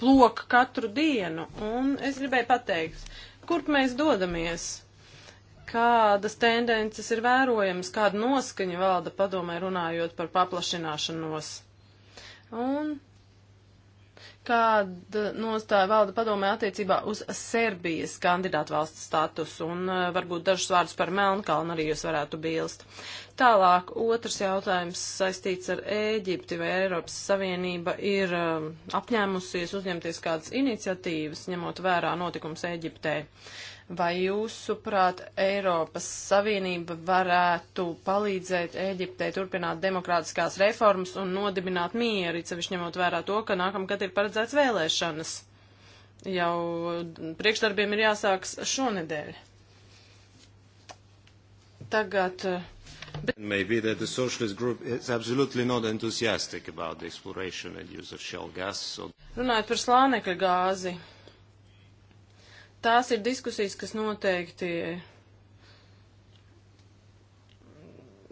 plok katru dienu. Un es gribēju pateikt, kurp mēs dodamies? Kādas tendences ir vērojamas, kāda noskaņa valda padomē runājot par paplašināšanos? Un Kāda nostāja valda padomē attiecībā uz Serbijas kandidātu valsts statusu un e, varbūt dažus vārdus par Melnkalnu arī jūs varētu bilst. Tālāk otrs jautājums saistīts ar Ēģipti vai Eiropas Savienība ir e, apņēmusies uzņemties kādas iniciatīvas, ņemot vērā notikums Ēģiptē. Uh, Vai jūsuprāt, Eiropas Savienība varētu palīdzēt Eģiptei turpināt demokrātiskās reformas un nodibināt mieru, cevišķi ņemot vērā to, ka nākamgad ir paredzēts vēlēšanas? Jau priekšdarbiem ir jāsāks šonedēļ. Tagad. Bet... Maybe that the socialist group is absolutely not enthusiastic about the exploration and use of shell gas. So... Runājot par slānekļa gāzi. Tās ir diskusijas, kas noteikti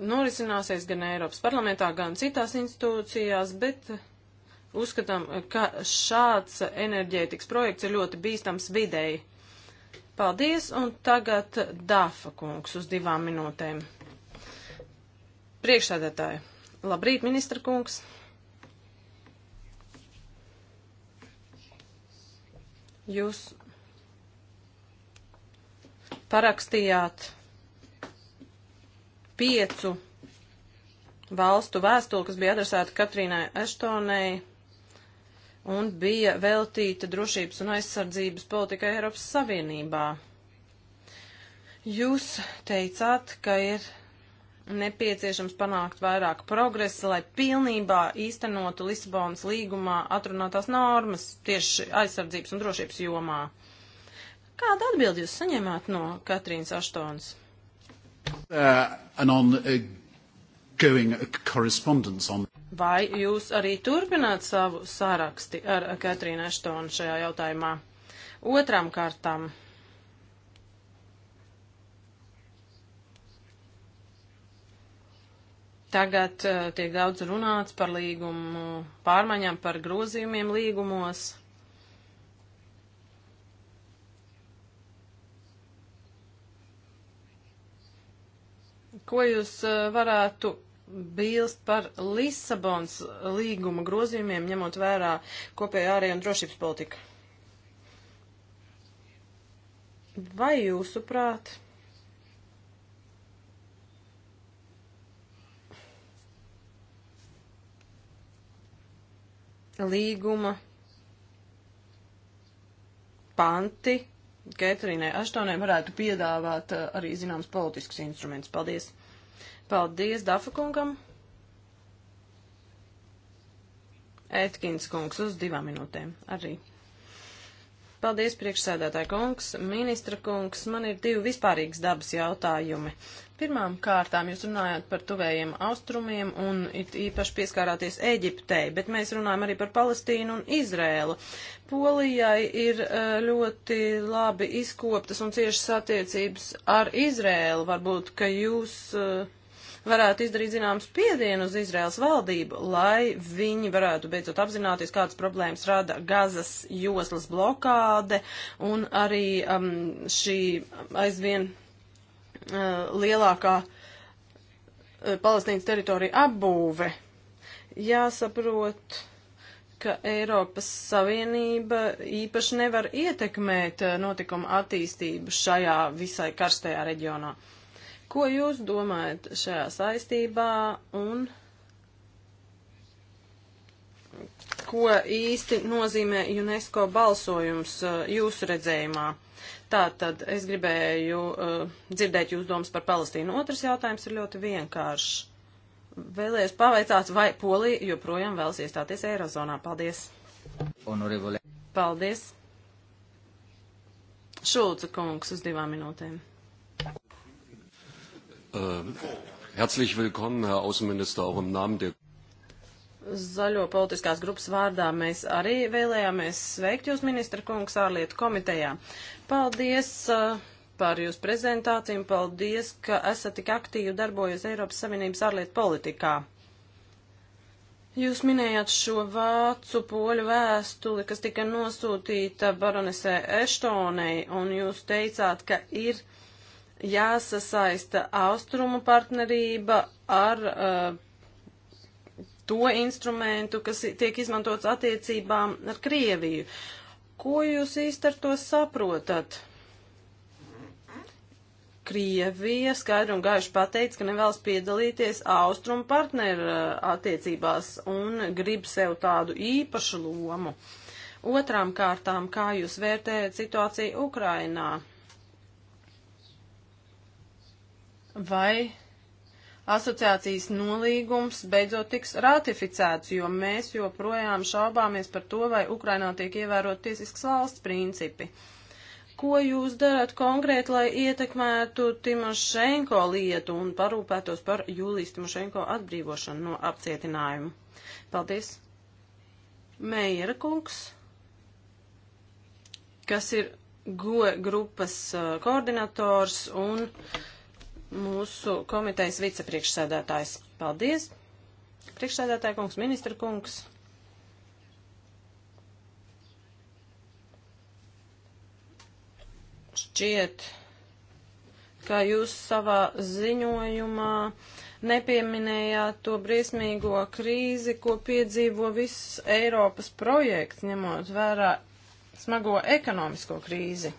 norisināsies gan Eiropas parlamentā, gan citās institūcijās, bet uzskatām, ka šāds enerģētikas projekts ir ļoti bīstams videi. Paldies, un tagad Dāfa kungs uz divām minūtēm. Priekšsēdētāji, labrīt, ministra kungs. Jūs parakstījāt piecu valstu vēstuli, kas bija adresēta Katrīnai Eštonei un bija veltīta drošības un aizsardzības politikai Eiropas Savienībā. Jūs teicāt, ka ir nepieciešams panākt vairāk progresa, lai pilnībā īstenotu Lisabonas līgumā atrunātās normas tieši aizsardzības un drošības jomā. Uh, Kādu atbildi jūs saņemāt no Katrīnas Aštonas? Uh, on, uh, going, uh, on... Vai jūs arī turpināt savu sāraksti ar Katrīnu Aštonu šajā jautājumā? Otram kārtam. Tagad uh, tiek daudz runāts par līgumu pārmaiņām, par grozījumiem līgumos. ko jūs eh, varētu bilst par Lisabons līguma grozījumiem, ņemot vērā kopējā ārējā un drošības politika? Vai jūsuprāt? Līguma panti Ketrīnai Aštonai varētu piedāvāt eh, arī zināms politiskus instrumentus. Paldies! Paldies Dafa kungam. Ētkins kungs uz divām minūtēm arī. Paldies, priekšsēdētāja kungs, ministra kungs. Man ir divi vispārīgas dabas jautājumi. Pirmām kārtām jūs runājāt par tuvējiem austrumiem un it īpaši pieskārāties Eģiptei, bet mēs runājam arī par Palestīnu un Izrēlu. Polijai ir eh, ļoti labi izkoptas un ciešas attiecības ar Izrēlu. Varbūt, ka jūs uh, varētu izdarīt zināms spiedienu uz Izraels valdību, lai viņi varētu beidzot apzināties, kādas problēmas rada gazas joslas blokāde un arī um, šī aizvien uh, lielākā uh, Palestīnas teritorija apbūve. Jāsaprot ka Eiropas Savienība īpaši nevar ietekmēt uh, notikuma attīstību šajā visai karstajā reģionā. Ko jūs domājat šajā saistībā un ko īsti nozīmē UNESCO balsojums uh, jūsu redzējumā? Tātad es gribēju uh, dzirdēt jūsu domas par Palestīnu. Otrs jautājums ir ļoti vienkāršs. Vēlējos pavaicāt, vai Polija joprojām vēlas iestāties Eirozonā. Paldies! Honorevole. Paldies! Šulca kungs uz divām minūtēm. Äh, herzlich willkommen, Herr Außenminister, auch im Namen der. Zaļo politiskās grupas vārdā mēs arī vēlējāmies sveikt jūs, ministra kungs, ārlietu komitejā. Paldies uh, par jūsu prezentāciju un paldies, ka esat tik aktīvi darbojies Eiropas Savienības ārlietu politikā. Jūs minējāt šo vācu poļu vēstuli, kas tika nosūtīta baronesē Eštonei, un jūs teicāt, ka ir jāsasaista austrumu partnerība ar uh, to instrumentu, kas tiek izmantots attiecībām ar Krieviju. Ko jūs īsti ar to saprotat? Krievija skaidri un gaiši pateica, ka nevēlas piedalīties austrumu partneru uh, attiecībās un grib sev tādu īpašu lomu. Otrām kārtām, kā jūs vērtējat situāciju Ukrainā? vai asociācijas nolīgums beidzot tiks ratificēts, jo mēs joprojām šaubāmies par to, vai Ukrainā tiek ievērot tiesisks valsts principi. Ko jūs darat konkrēti, lai ietekmētu Timošenko lietu un parūpētos par Jūlijas Timošenko atbrīvošanu no apcietinājumu? Paldies! Meijera kungs, kas ir GOE grupas uh, koordinators un uh, mūsu komitejas vicepriekšsēdētājs. Paldies! Priekšsēdētāja kungs, ministra kungs. Šķiet, ka jūs savā ziņojumā nepieminējāt to briesmīgo krīzi, ko piedzīvo viss Eiropas projekts, ņemot vērā smago ekonomisko krīzi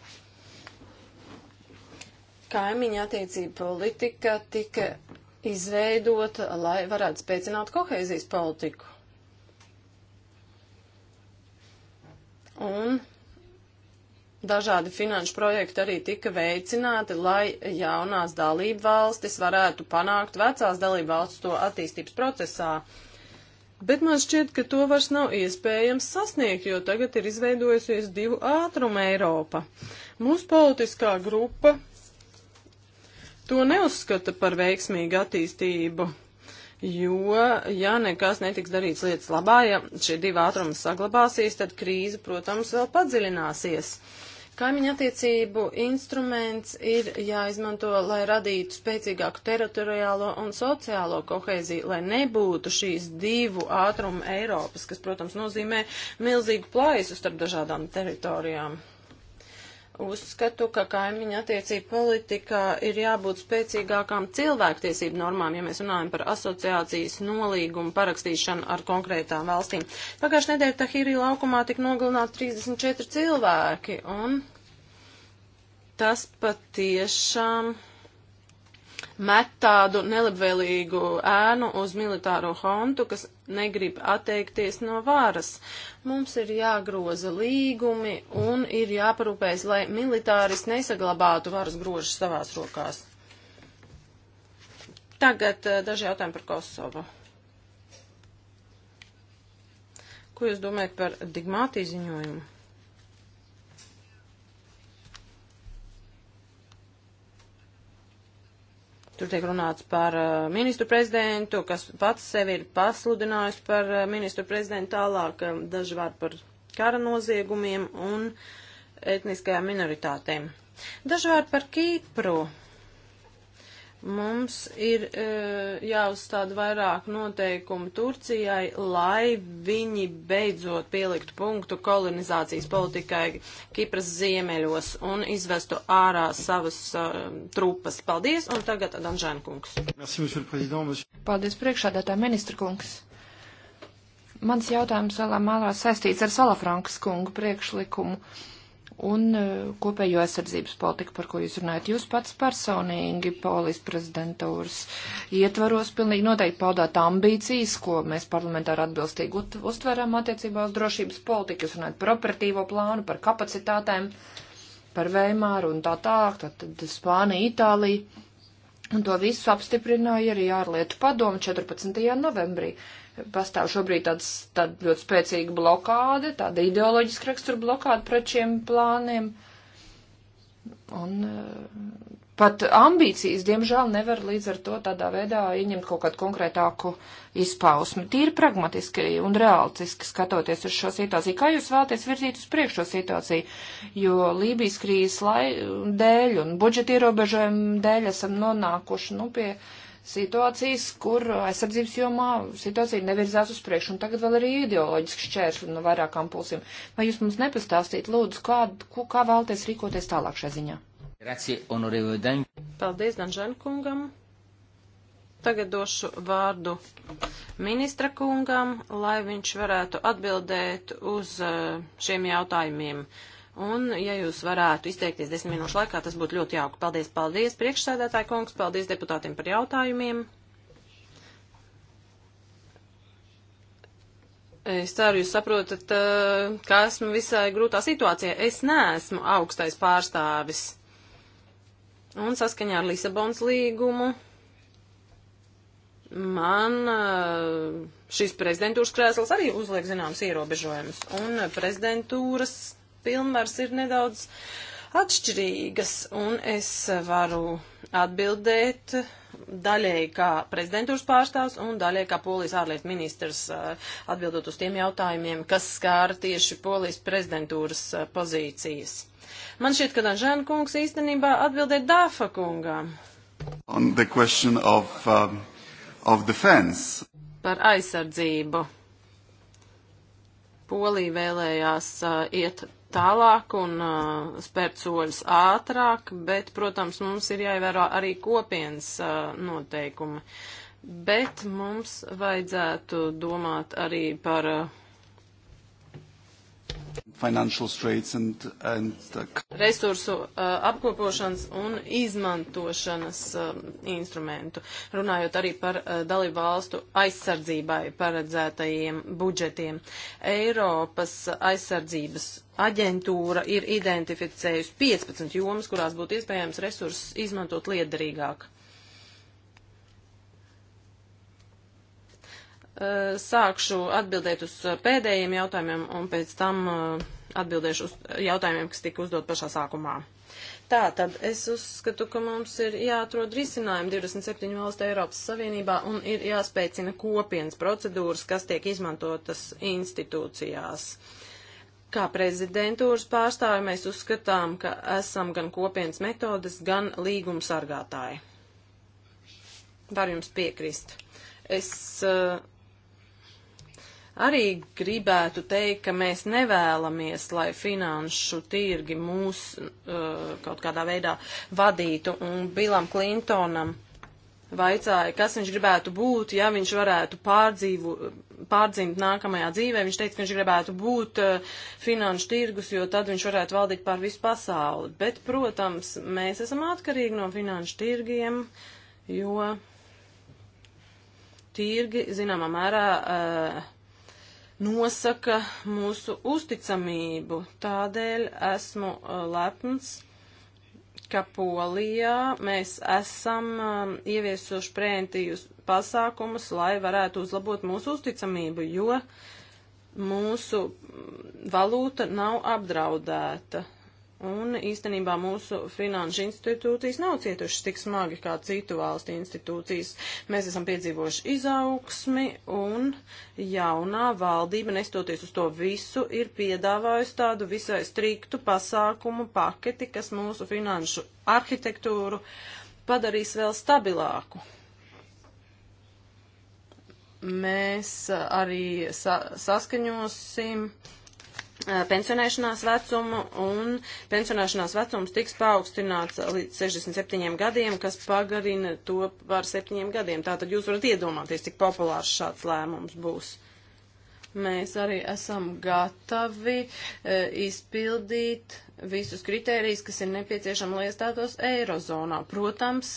kaimiņa attiecība politika tika izveidota, lai varētu spēcināt kohēzijas politiku. Un Dažādi finanšu projekti arī tika veicināti, lai jaunās dalību valstis varētu panākt vecās dalību valsts to attīstības procesā. Bet man šķiet, ka to vairs nav iespējams sasniegt, jo tagad ir izveidojusies divu ātrumu Eiropa. Mūsu politiskā grupa to neuzskata par veiksmīgu attīstību. Jo, ja nekas netiks darīts lietas labā, ja šie divi ātrumi saglabāsies, tad krīze, protams, vēl padziļināsies. Kaimiņa attiecību instruments ir jāizmanto, lai radītu spēcīgāku teritoriālo un sociālo kohēziju, lai nebūtu šīs divu ātrumu Eiropas, kas, protams, nozīmē milzīgu plaisu starp dažādām teritorijām. Uzskatu, ka kaimiņa attiecība politikā ir jābūt spēcīgākām cilvēktiesību normām, ja mēs runājam par asociācijas nolīgumu parakstīšanu ar konkrētām valstīm. Pagājušajā nedēļā Tahīrī laukumā tika nogalināti 34 cilvēki, un tas patiešām met tādu nelabvēlīgu ēnu uz militāro hontu, kas negrib atteikties no varas. Mums ir jāgroza līgumi un ir jāparūpēs, lai militāris nesaglabātu varas grožas savās rokās. Tagad eh, daži jautājumi par Kosovu. Ko jūs domājat par Digmāti ziņojumu? Tur tiek runāts par uh, ministru prezidentu, kas pats sevi ir pasludinājis par uh, ministru prezidentu tālāk, uh, daži vārdi par kara noziegumiem un etniskajām minoritātēm. Daži vārdi par Kīpru. Mums ir uh, jāuzstāda vairāk noteikumu Turcijai, lai viņi beidzot pieliktu punktu kolonizācijas politikai Kipras ziemeļos un izvestu ārā savas uh, trupas. Paldies, un tagad Danžēna kungs. Merci, monsieur... Paldies, priekšādātā ministra kungs. Mans jautājums vēl mārā saistīts ar Salafrankas kungu priekšlikumu. Uh, un e, kopējo aizsardzības politiku, par ko jūs runājat. Jūs pats personīgi polijas prezidentūras ietvaros pilnīgi noteikti paudāt ambīcijas, ko mēs parlamentāri atbilstīgi uztveram attiecībā uz drošības politiku. Jūs runājat par operatīvo plānu, par kapacitātēm, par Veimāru un tā tālāk, tad, tad Spānija, Itālija. Un to visu apstiprināja arī ārlietu padomu 14. novembrī. Uh, pastāv šobrīd tāds, tāda ļoti spēcīga blokāde, tāda ideoloģiska rakstura blokāde pret šiem plāniem. Un eh, pat ambīcijas, diemžēl, nevar līdz ar to tādā veidā ieņemt kaut kādu konkrētāku izpausmi. Tīri pragmatiski un realistiski skatoties uz šo situāciju. Kā jūs vēlaties virzīt uz priekšu šo situāciju? Jo Lībijas krīzes lai, dēļ un budžeta ierobežojumu dēļ esam nonākuši, nu, pie uh, situācijas, kur aizsardzības jomā situācija nevirzās uz priekšu, un tagad vēl arī ideoloģiski šķēršļi no vairākām pusēm. Vai jūs mums nepastāstīt, lūdzu, kā, kā vēlties rīkoties tālāk šajā ziņā? Grazie, honorēvo Dan. Paldies Danžan kungam. Tagad došu vārdu ministra kungam, lai viņš varētu atbildēt uz eh, šiem jautājumiem. Uh, Un, ja jūs varētu izteikties desmit minūšu laikā, tas būtu ļoti jauki. Paldies, paldies, priekšsēdētāji kungs, paldies deputātiem par jautājumiem. Es ceru, jūs saprotat, eh, ka esmu visai grūtā situācijā. Es neesmu augstais pārstāvis. Un saskaņā ar Lisabonas līgumu man eh, šis prezidentūras krēsls arī uzliek zināms ierobežojumus. Un prezidentūras pilnvars ir nedaudz atšķirīgas, un es varu atbildēt daļēji kā prezidentūras pārstāvs un daļēji kā polijas ārlietu ministrs eh, atbildot uz tiem jautājumiem, kas skāra tieši polijas prezidentūras eh, pozīcijas. Man šķiet, ka Danžēna kungs īstenībā atbildēja Dāfa kungām. On the question of, um, of defense. Par aizsardzību. Polija vēlējās uh, iet tālāk un uh, spērt soļus ātrāk, bet, protams, mums ir jāievēro arī kopienas uh, noteikumi. Bet mums vajadzētu domāt arī par. Uh, financial straits and, and uh, resursu uh, apkopošanas un izmantošanas uh, instrumentu, runājot arī par uh, dalību valstu aizsardzībai paredzētajiem budžetiem. Eiropas aizsardzības aģentūra ir identificējusi 15 jomas, kurās būtu iespējams resursus izmantot liederīgāk. Eh, sākšu atbildēt uz eh, pēdējiem jautājumiem un pēc tam eh, atbildēšu uz jautājumiem, kas tika uzdot pašā sākumā. Tā tad es uzskatu, ka mums ir jāatrod risinājumi 27 valstu Eiropas Savienībā un ir jāspēcina kopienas procedūras, kas tiek izmantotas institūcijās. Kā prezidentūras pārstāvi mēs uzskatām, ka esam gan kopienas metodas, gan līguma sargātāji. Var jums piekrist. Es uh, arī gribētu teikt, ka mēs nevēlamies, lai finanšu tirgi mūs uh, kaut kādā veidā vadītu. Un Bilam Klintonam vaicāja, kas viņš gribētu būt, ja viņš varētu pārdzīvu, pārdzimt nākamajā dzīvē. Viņš teica, ka viņš gribētu būt uh, finanšu tirgus, jo tad viņš varētu valdīt pār visu pasauli. Bet, protams, mēs esam atkarīgi no finanšu tirgiem, jo tirgi, zināmā mērā, uh, nosaka mūsu uzticamību. Tādēļ esmu uh, lepns, ka Polijā mēs esam um, ieviesuši prēntījus pasākumus, lai varētu uzlabot mūsu uzticamību, jo mūsu mm, valūta nav apdraudēta. Un īstenībā mūsu finanšu institūcijas nav cietušas tik smagi kā citu valstu institūcijas. Mēs esam piedzīvojuši izaugsmi un jaunā valdība, nestoties uz to visu, ir piedāvājusi tādu visai striktu pasākumu paketi, kas mūsu finanšu arhitektūru padarīs vēl stabilāku. Mēs arī sa saskaņosim pensionēšanās vecumu, un pensionēšanās vecums tiks paaugstināts līdz 67 gadiem, kas pagarina to par 7 gadiem. Tātad jūs varat iedomāties, cik populārs šāds lēmums būs. Mēs arī esam gatavi e, izpildīt visus kritērijus, kas ir nepieciešami, lai iestātos Eirozonā. Protams,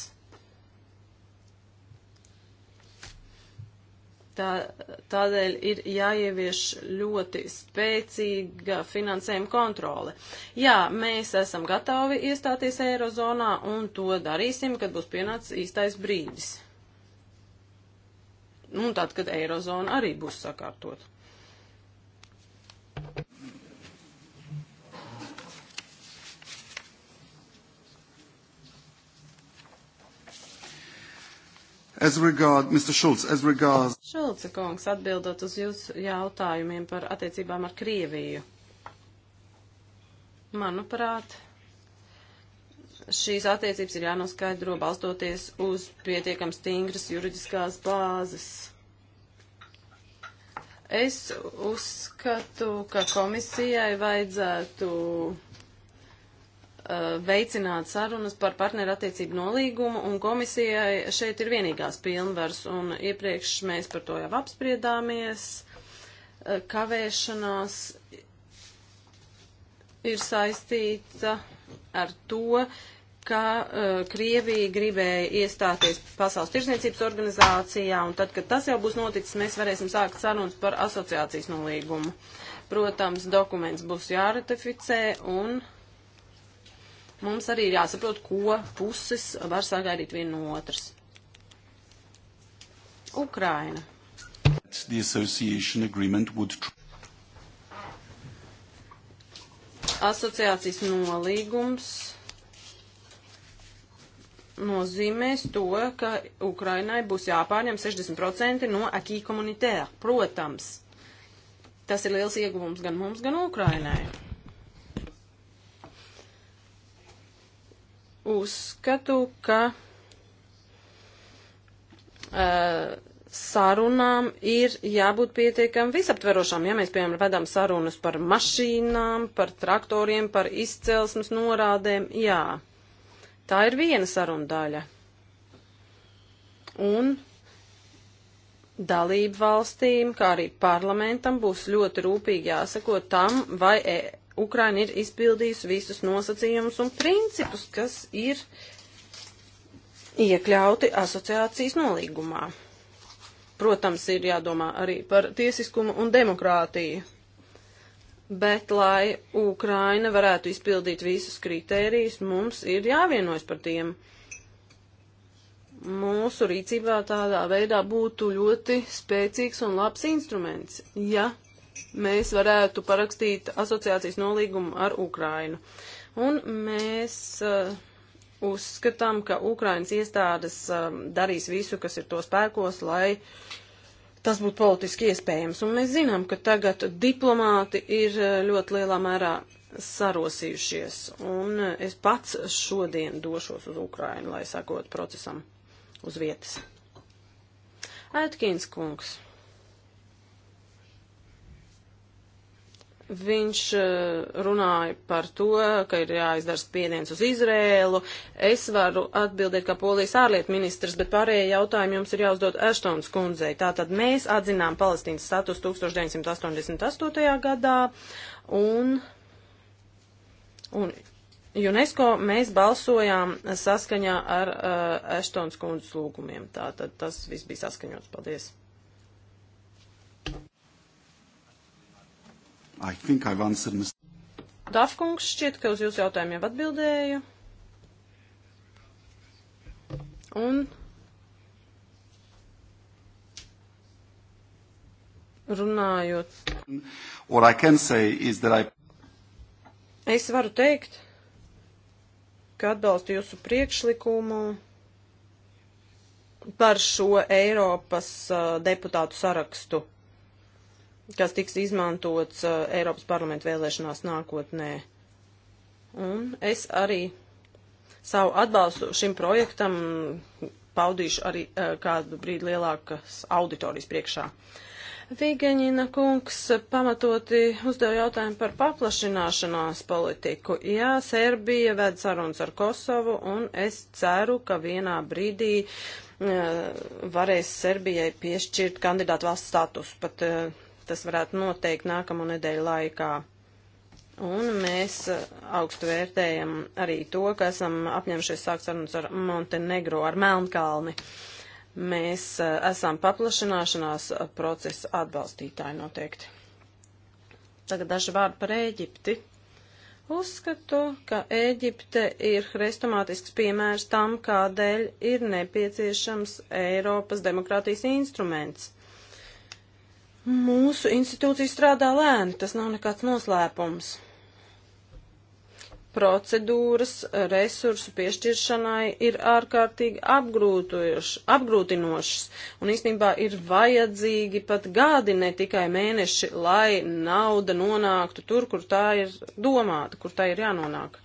Tā, tādēļ ir jāievieš ļoti spēcīga finansējuma kontrole. Jā, mēs esam gatavi iestāties Eirozonā un to darīsim, kad būs pienācis īstais brīdis. Un tad, kad Eirozona arī būs sakārtot. As regard, Mr. Schulz, as regards... Šulce kungs, atbildot uz jūsu jautājumiem par attiecībām ar Krieviju. Manuprāt, šīs attiecības ir jānoskaidro balstoties uz pietiekam stingras juridiskās bāzes. Es uzskatu, ka komisijai vajadzētu Eh, veicināt sarunas par partnerattiecību nolīgumu, un komisijai šeit ir vienīgās pilnvars, un iepriekš mēs par to jau apspriedāmies. Eh, kavēšanās ir saistīta ar to, ka uh, Krievija gribēja iestāties Pasaules tirsniecības organizācijā, un tad, kad tas jau būs noticis, mēs varēsim sākt sarunas par asociācijas nolīgumu. Protams, dokuments būs jāratificē, un uh, Mums arī ir jāsaprot, ko puses var sagaidīt viena no otras. Ukraina. The association agreement would asociācijas nolīgums nozīmēs to, ka Ukrainai būs jāpārņem 60% no akī komunitē. Protams, tas ir liels ieguvums gan mums, gan Ukrainai. uzskatu, ka uh, sarunām ir jābūt pietiekami visaptverošām. Ja mēs, piemēram, vedam sarunas par mašīnām, par traktoriem, par izcelsmes norādēm, jā, tā ir viena saruna daļa. Un dalību valstīm, kā arī parlamentam būs ļoti rūpīgi jāsako tam, vai e- Ukraina ir izpildījusi visus nosacījumus un principus, kas ir iekļauti asociācijas nolīgumā. Protams, ir jādomā arī par tiesiskumu un demokrātiju. Bet, lai Ukraina varētu izpildīt visus kritērijus, mums ir jāvienojas par tiem. Mūsu rīcībā tādā veidā būtu ļoti spēcīgs un labs instruments, ja mēs varētu parakstīt asociācijas nolīgumu ar Ukrainu. Un mēs uh, uzskatām, ka Ukrainas iestādes um, darīs visu, kas ir to spēkos, lai tas būtu politiski iespējams. Un mēs zinām, ka tagad diplomāti ir uh, ļoti lielā mērā sarosījušies. Un uh, es pats šodien došos uz Ukrainu, lai sakot procesam uz vietas. Atkins kungs. Viņš eh, runāja par to, ka ir jāizdara spiediens uz Izrēlu. Es varu atbildēt kā polijas ārlietu ministrs, bet pārējie jautājumi jums ir jāuzdod Ashtons kundzei. Tātad mēs atzinām Palestīnas status 1988. gadā un, un UNESCO mēs balsojām saskaņā ar uh, eh, Ashtons kundzes lūgumiem. Tātad tas viss bija saskaņots. Paldies! I think I've answered Mr. Dafkungs šķiet, ka uz jūsu jautājumiem atbildēju. Un runājot. I... Es varu teikt, ka atbalstu jūsu priekšlikumu par šo Eiropas uh, deputātu sarakstu kas tiks izmantots uh, Eiropas parlamenta vēlēšanās nākotnē. Un es arī savu atbalstu šim projektam paudīšu arī uh, kādu brīdi lielākas auditorijas priekšā. Vīgeņina kungs pamatoti uzdeva jautājumu par paplašināšanās politiku. Jā, Serbija ved sarunas ar Kosovu, un es ceru, ka vienā brīdī uh, varēs Serbijai piešķirt kandidātu valsts status. Pat uh, Tas varētu noteikt nākamo nedēļu laikā. Un mēs uh, augstu vērtējam arī to, ka esam apņemšies sākt sarunas ar Montenegro, ar Melnkalni. Mēs uh, esam paplašināšanās uh, procesa atbalstītāji noteikti. Tagad daži vārdi par Ēģipti. Uzskatu, ka Ēģipte ir hrestomātisks piemērs tam, kādēļ ir nepieciešams Eiropas demokrātijas instruments. Mūsu institūcija strādā lēni, tas nav nekāds noslēpums. Procedūras resursu piešķiršanai ir ārkārtīgi apgrūtinošas, un īstenībā ir vajadzīgi pat gadi, ne tikai mēneši, lai nauda nonāktu tur, kur tā ir domāta, kur tā ir jānonāk.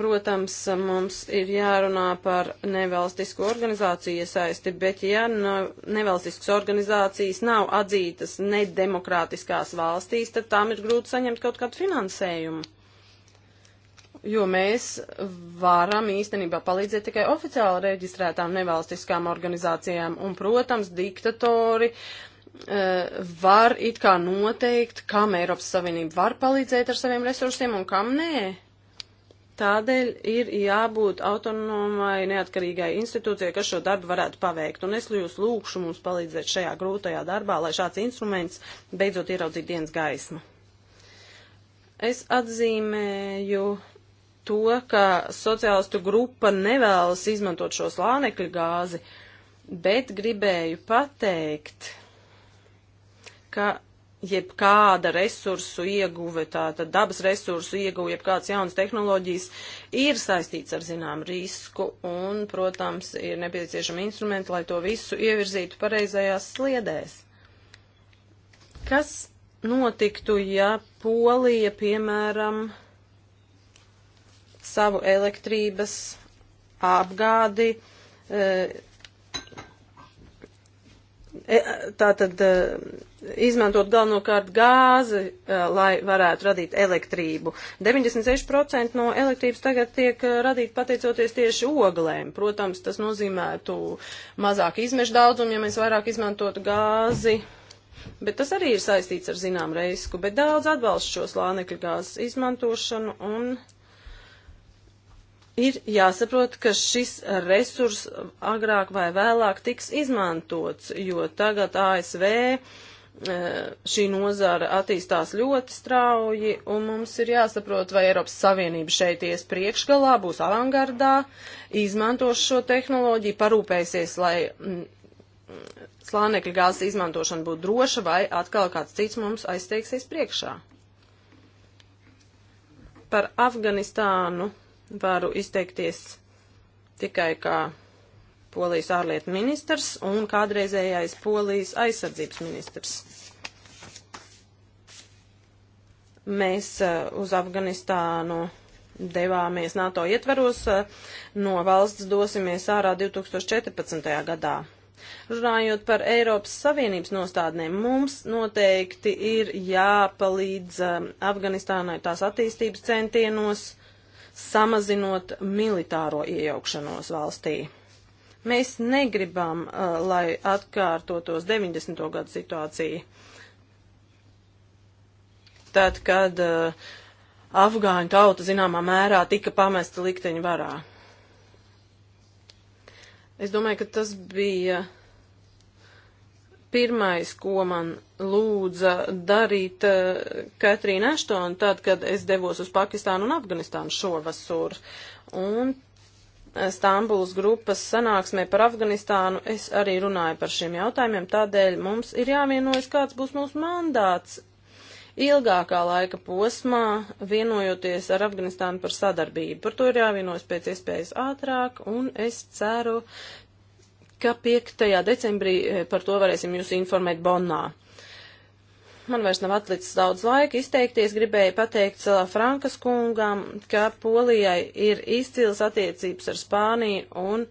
Protams, mums ir jārunā par nevalstisku organizāciju iesaisti, bet ja nevalstiskas organizācijas nav atzītas nedemokrātiskās valstīs, tad tām ir grūti saņemt kaut kādu finansējumu. Jo mēs varam īstenībā palīdzēt tikai oficiāli reģistrētām nevalstiskām organizācijām, un, protams, diktatori eh, var it kā noteikt, kam Eiropas Savienība var palīdzēt ar saviem resursiem un kam nē. Tādēļ ir jābūt autonomai, neatkarīgai institūcijai, kas šo darbu varētu paveikt. Un es jūs lūkšu mums palīdzēt šajā grūtajā darbā, lai šāds instruments beidzot ieraudzītu dienas gaismu. Es atzīmēju to, ka sociālistu grupa nevēlas izmantot šo slānekļa gāzi, bet gribēju pateikt, ka jebkāda resursu ieguve, tātad dabas resursu ieguve, jebkādas jaunas tehnoloģijas ir saistīts ar zinām risku un, protams, ir nepieciešami instrumenti, lai to visu ievirzītu pareizajās sliedēs. Kas notiktu, ja Polija, piemēram, savu elektrības apgādi e, E, tātad e, izmantot galvenokārt gāzi, e, lai varētu radīt elektrību. 96% no elektrības tagad tiek radīta pateicoties tieši oglēm. Protams, tas nozīmētu mazāk izmešu daudzumu, ja mēs vairāk izmantotu gāzi. Bet tas arī ir saistīts ar zinām risku, bet daudz atbalsta šo slānekļa gāzes izmantošanu un uh, ir jāsaprot, ka šis resurs agrāk vai vēlāk tiks izmantots, jo tagad ASV e, šī nozara attīstās ļoti strauji, un mums ir jāsaprot, vai Eiropas Savienība šeit ies priekšgalā, būs avangardā, izmantos šo tehnoloģiju, parūpēsies, lai slānekļa gāzes izmantošana būtu droša, vai atkal kāds cits mums aizteiksies priekšā. Par Afganistānu varu izteikties tikai kā Polijas ārlietu ministrs un kādreizējais Polijas aizsardzības ministrs. Mēs uh, uz Afganistānu devāmies NATO ietveros, uh, eh, no valsts dosimies ārā 2014. gadā. Runājot par Eiropas Savienības nostādnēm, mums noteikti ir jāpalīdz uh, Afganistānai tās attīstības centienos samazinot militāro iejaukšanos valstī. Mēs negribam, uh, lai atkārtotos 90. gadu situācija. Tad, kad uh, afgāņu tauta zināmā mērā tika pamesta likteņu varā. Es domāju, ka tas bija uh, Pirmais, ko man lūdza darīt eh, Katrīna Eštona, tad, kad es devos uz Pakistānu un Afganistānu šovasur. Un Stambulas grupas sanāksmē par Afganistānu es arī runāju par šiem jautājumiem, tādēļ mums ir jāvienojas, kāds būs mūsu mandāts. Ilgākā laika posmā vienojoties ar Afganistānu par sadarbību. Par to ir jāvienojas pēc iespējas ātrāk, un es ceru, ka 5. decembrī eh, par to varēsim jūs informēt Bonnā. Man vairs nav atlicis daudz laika izteikties, gribēju pateikt Frankas kungam, ka Polijai ir izcils attiecības ar Spāniju un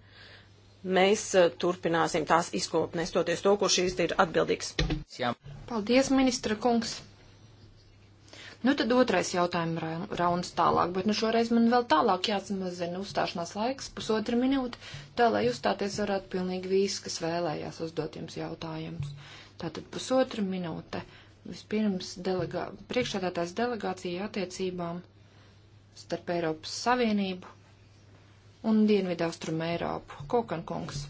mēs eh, turpināsim tās izkopnēs, toties to, kurš īsti ir atbildīgs. Jā. Paldies, ministra kungs! Nu, tad otrais jautājums rauns tālāk, bet nu šoreiz man vēl tālāk jāsamazina uzstāšanās laiks, pusotra minūte, tā lai uzstāties varētu pilnīgi visi, kas vēlējās uzdot jums jautājumus. Tātad pusotra minūte. Vispirms delegā... priekšsēdētājs delegācija attiecībām starp Eiropas Savienību un Dienvidu Austrumu Eiropu. Kokankungs.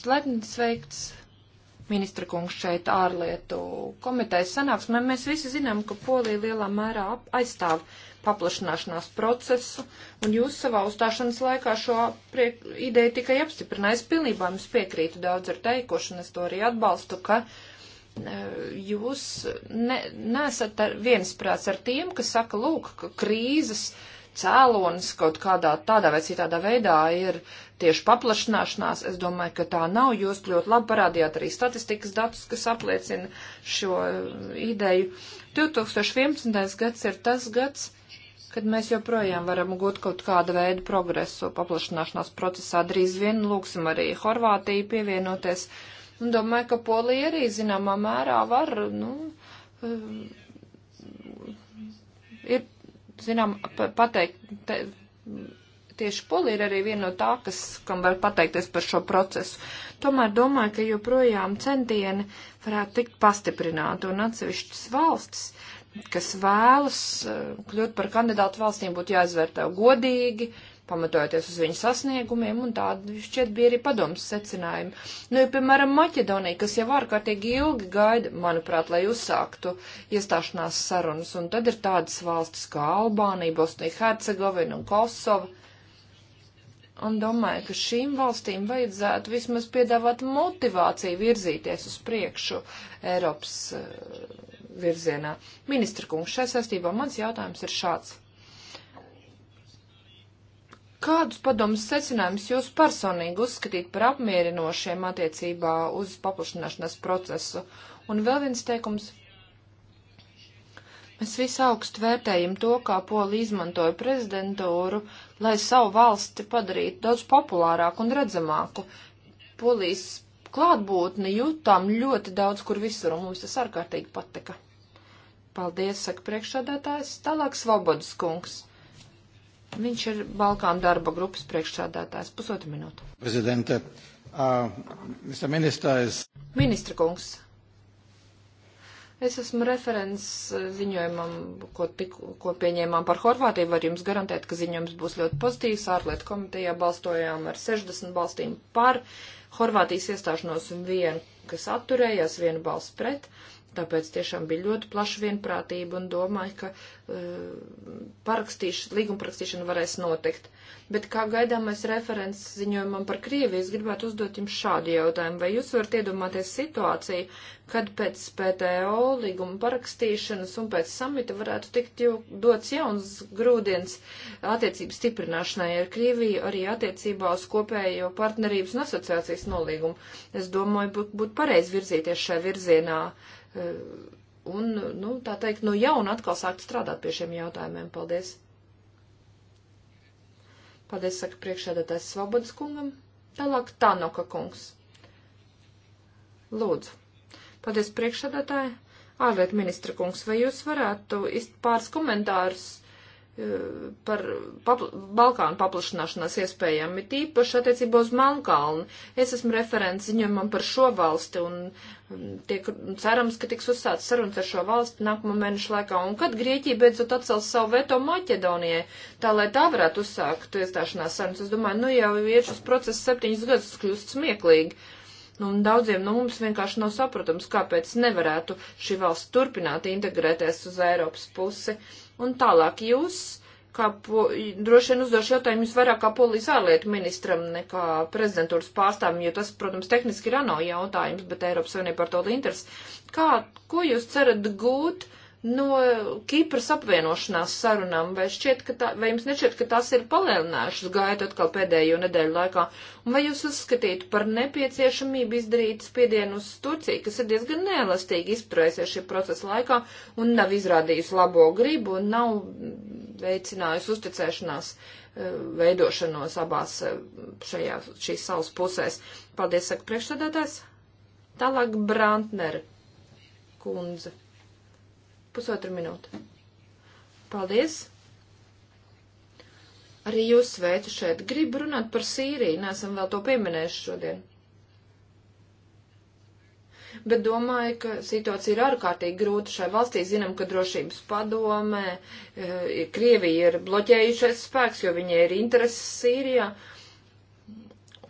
Slepni sveikts ministra kungs šeit ārlietu komitejas sanāksmē, mēs visi zinām, ka Polija lielā mērā aizstāv paplašanāšanās procesu, un jūs savā uzstāšanas laikā šo priek, ideju tikai apstiprinājāt. Es pilnībā jums piekrītu daudz ar teikošanu, es to arī atbalstu, ka e, jūs ne, nesat viensprāts ar tiem, kas saka, lūk, ka krīzes uh, cēlonis kaut kādā tādā vai citādā veidā ir tieši paplašināšanās. Es domāju, ka tā nav. Jūs ļoti labi parādījāt arī statistikas datus, kas apliecina šo eh, ideju. 2011. gads ir tas gads, kad mēs joprojām varam gūt kaut kādu veidu progresu paplašināšanās procesā. Drīz vien lūksim arī Horvātiju pievienoties. Un domāju, ka Polija arī zināmā mērā var, nu, eh, ir zinām, pateikt, te, tieši Polija ir arī viena no tā, kas, kam var pateikties par šo procesu. Tomēr domāju, ka joprojām centieni varētu tikt pastiprināti un atsevišķas valstis, kas vēlas eh, kļūt par kandidātu valstīm, būtu jāizvērtē godīgi, uh, pamatojoties uz viņu sasniegumiem, un tādi šķiet bija arī padomas secinājumi. Nu, ja, piemēram, Maķedonija, kas jau ārkārtīgi ilgi gaida, manuprāt, lai uzsāktu iestāšanās sarunas, un tad ir tādas valstis kā Albānija, Bosnija, Hercegovina un Kosova. Un domāju, ka šīm valstīm vajadzētu vismaz piedāvāt motivāciju virzīties uz priekšu Eiropas uh, virzienā. Ministra kungs, šajā saistībā mans jautājums ir šāds. Kādus padomus secinājumus jūs personīgi uzskatīt par apmierinošiem attiecībā uz paplašināšanās procesu? Un vēl viens teikums. Mēs visi augstu vērtējam to, kā Poli izmantoja prezidentūru, lai savu valsti padarītu daudz populārāku un redzamāku. Polijas klātbūtni jūtām ļoti daudz, kur visur, un mums tas ārkārtīgi patika. Paldies, saka priekšādātājs, tālāk Svobodas kungs. Viņš ir Balkānu darba grupas priekšsādātājs. Pusotru minūtu. Prezidente, uh, ministrs. Ministra kungs. Es esmu referents ziņojumam, ko, tik, ko pieņēmām par Horvātiju. Var jums garantēt, ka ziņojums būs ļoti pozitīvs. Ārlietu komitejā balstojām ar 60 balstīm par Horvātijas iestāšanos un vienu, kas atturējās, vienu balsu pret. Uh, Tāpēc tiešām bija ļoti plaša vienprātība un domāju, ka uh, parakstīš, līguma parakstīšana varēs notikt. Bet kā gaidāmais referents ziņojumam par Krieviju, es gribētu uzdot jums šādu jautājumu. Vai jūs varat iedomāties situāciju, kad pēc PTO līguma parakstīšanas un pēc samita varētu tikt jau dots jauns grūdienis attiecību stiprināšanai ar Krieviju, arī attiecībā uz kopējo partnerības un asociācijas nolīgumu? Es domāju, būtu būt pareizi virzīties šajā virzienā. Uh, Eh, un, nu, tā teikt, no jauna atkal sākt strādāt pie šiem jautājumiem. Paldies! Paldies, saka priekšēdētājs Svobodas kungam. Tālāk Tanoka kungs. Lūdzu. Paldies, priekšsēdētāji. Ārlietu ministra kungs, vai jūs varētu izt pāris komentārus? par papl Balkānu paplašanāšanās iespējām, it īpaši attiecībā uz Melnkalnu. Es esmu referents ziņojumam par šo valsti un tiek cerams, ka tiks uzsāts sarunas ar šo valsti nākamo mēnešu laikā. Un kad Grieķija beidzot atcels savu veto Maķedonijai, tā lai tā varētu uzsākt iestāšanās sarunas, es domāju, nu jau iet šis process septiņus gadus kļūst smieklīgi. Nu, un daudziem no mums vienkārši nav saprotams, kāpēc nevarētu šī valsts turpināt integrēties uz Eiropas pusi. Uh, Un tālāk jūs, kā po, droši vien uzdošu jautājumu, jūs vairāk kā polijas ārlietu ministram nekā prezidentūras pārstāvim, jo tas, protams, tehniski ir ANO jautājums, bet Eiropas Savienība par to interes. Kā, ko jūs cerat gūt? Uh, no Kipras apvienošanās sarunām, vai, šķiet, ka tā, vai jums nešķiet, ka tas ir palielinājušas gaitu atkal pēdējo nedēļu laikā, un vai jūs uzskatītu par nepieciešamību izdarīt spiedienu uz Turciju, kas ir diezgan neelastīgi izturējusies šī procesa laikā un nav izrādījusi labo gribu un nav veicinājusi uzticēšanās eh, veidošanos abās eh, šajās, šīs savas pusēs. Paldies, saka priekšsēdētājs. Tālāk Brantner kundze. Pusotru minūtu. Paldies! Arī jūs sveicu šeit. Gribu runāt par Sīriju, nesam vēl to pieminējuši šodien. Bet domāju, ka situācija ir ārkārtīgi grūta šai valstī. Zinām, ka drošības padomē eh, Krievija ir bloķējušais spēks, jo viņai ir intereses Sīrijā. Uh,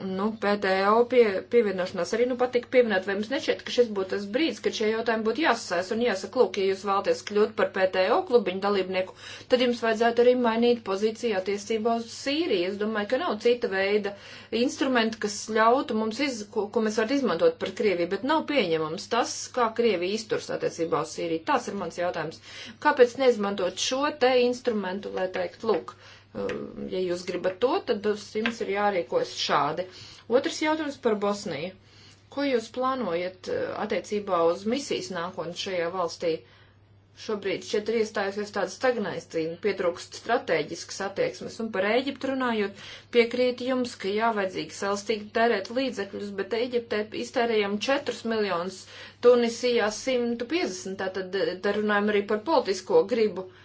nu, PTO pie, pievienošanās arī, nu, patika pieminēt, vai jums nešķiet, ka šis būtu tas brīdis, kad šie jautājumi būtu jāsasēs un jāsaka, lūk, ja jūs vēlaties kļūt par PTO klubiņu dalībnieku, tad jums vajadzētu arī mainīt pozīciju attiecībā uz Sīriju. Es domāju, ka nav cita veida instrumenta, kas ļautu mums, iz, ko, ko mēs varam izmantot par Krieviju, bet nav pieņemams tas, kā Krievija izturs attiecībā uz Sīriju. Tas ir mans jautājums. Kāpēc neizmantot šo te instrumentu, lai teikt, lūk, uh, Э, ja jūs gribat to, tad jums ir jārīkojas šādi. Otrs jautājums par Bosniju. Ko jūs plānojat eh, attiecībā uz misijas nākotni šajā valstī? Šobrīd šeit ir iestājusies tāda stagnācija, pietrūkst strateģiskas attieksmes, un par Ēģiptu runājot, piekrīt jums, ka jāvajadzīgi salstīgi tērēt līdzekļus, bet Ēģiptē iztērējam 4 miljonus, Tunisijā 150, tātad eh, te runājam arī par politisko gribu. Uh,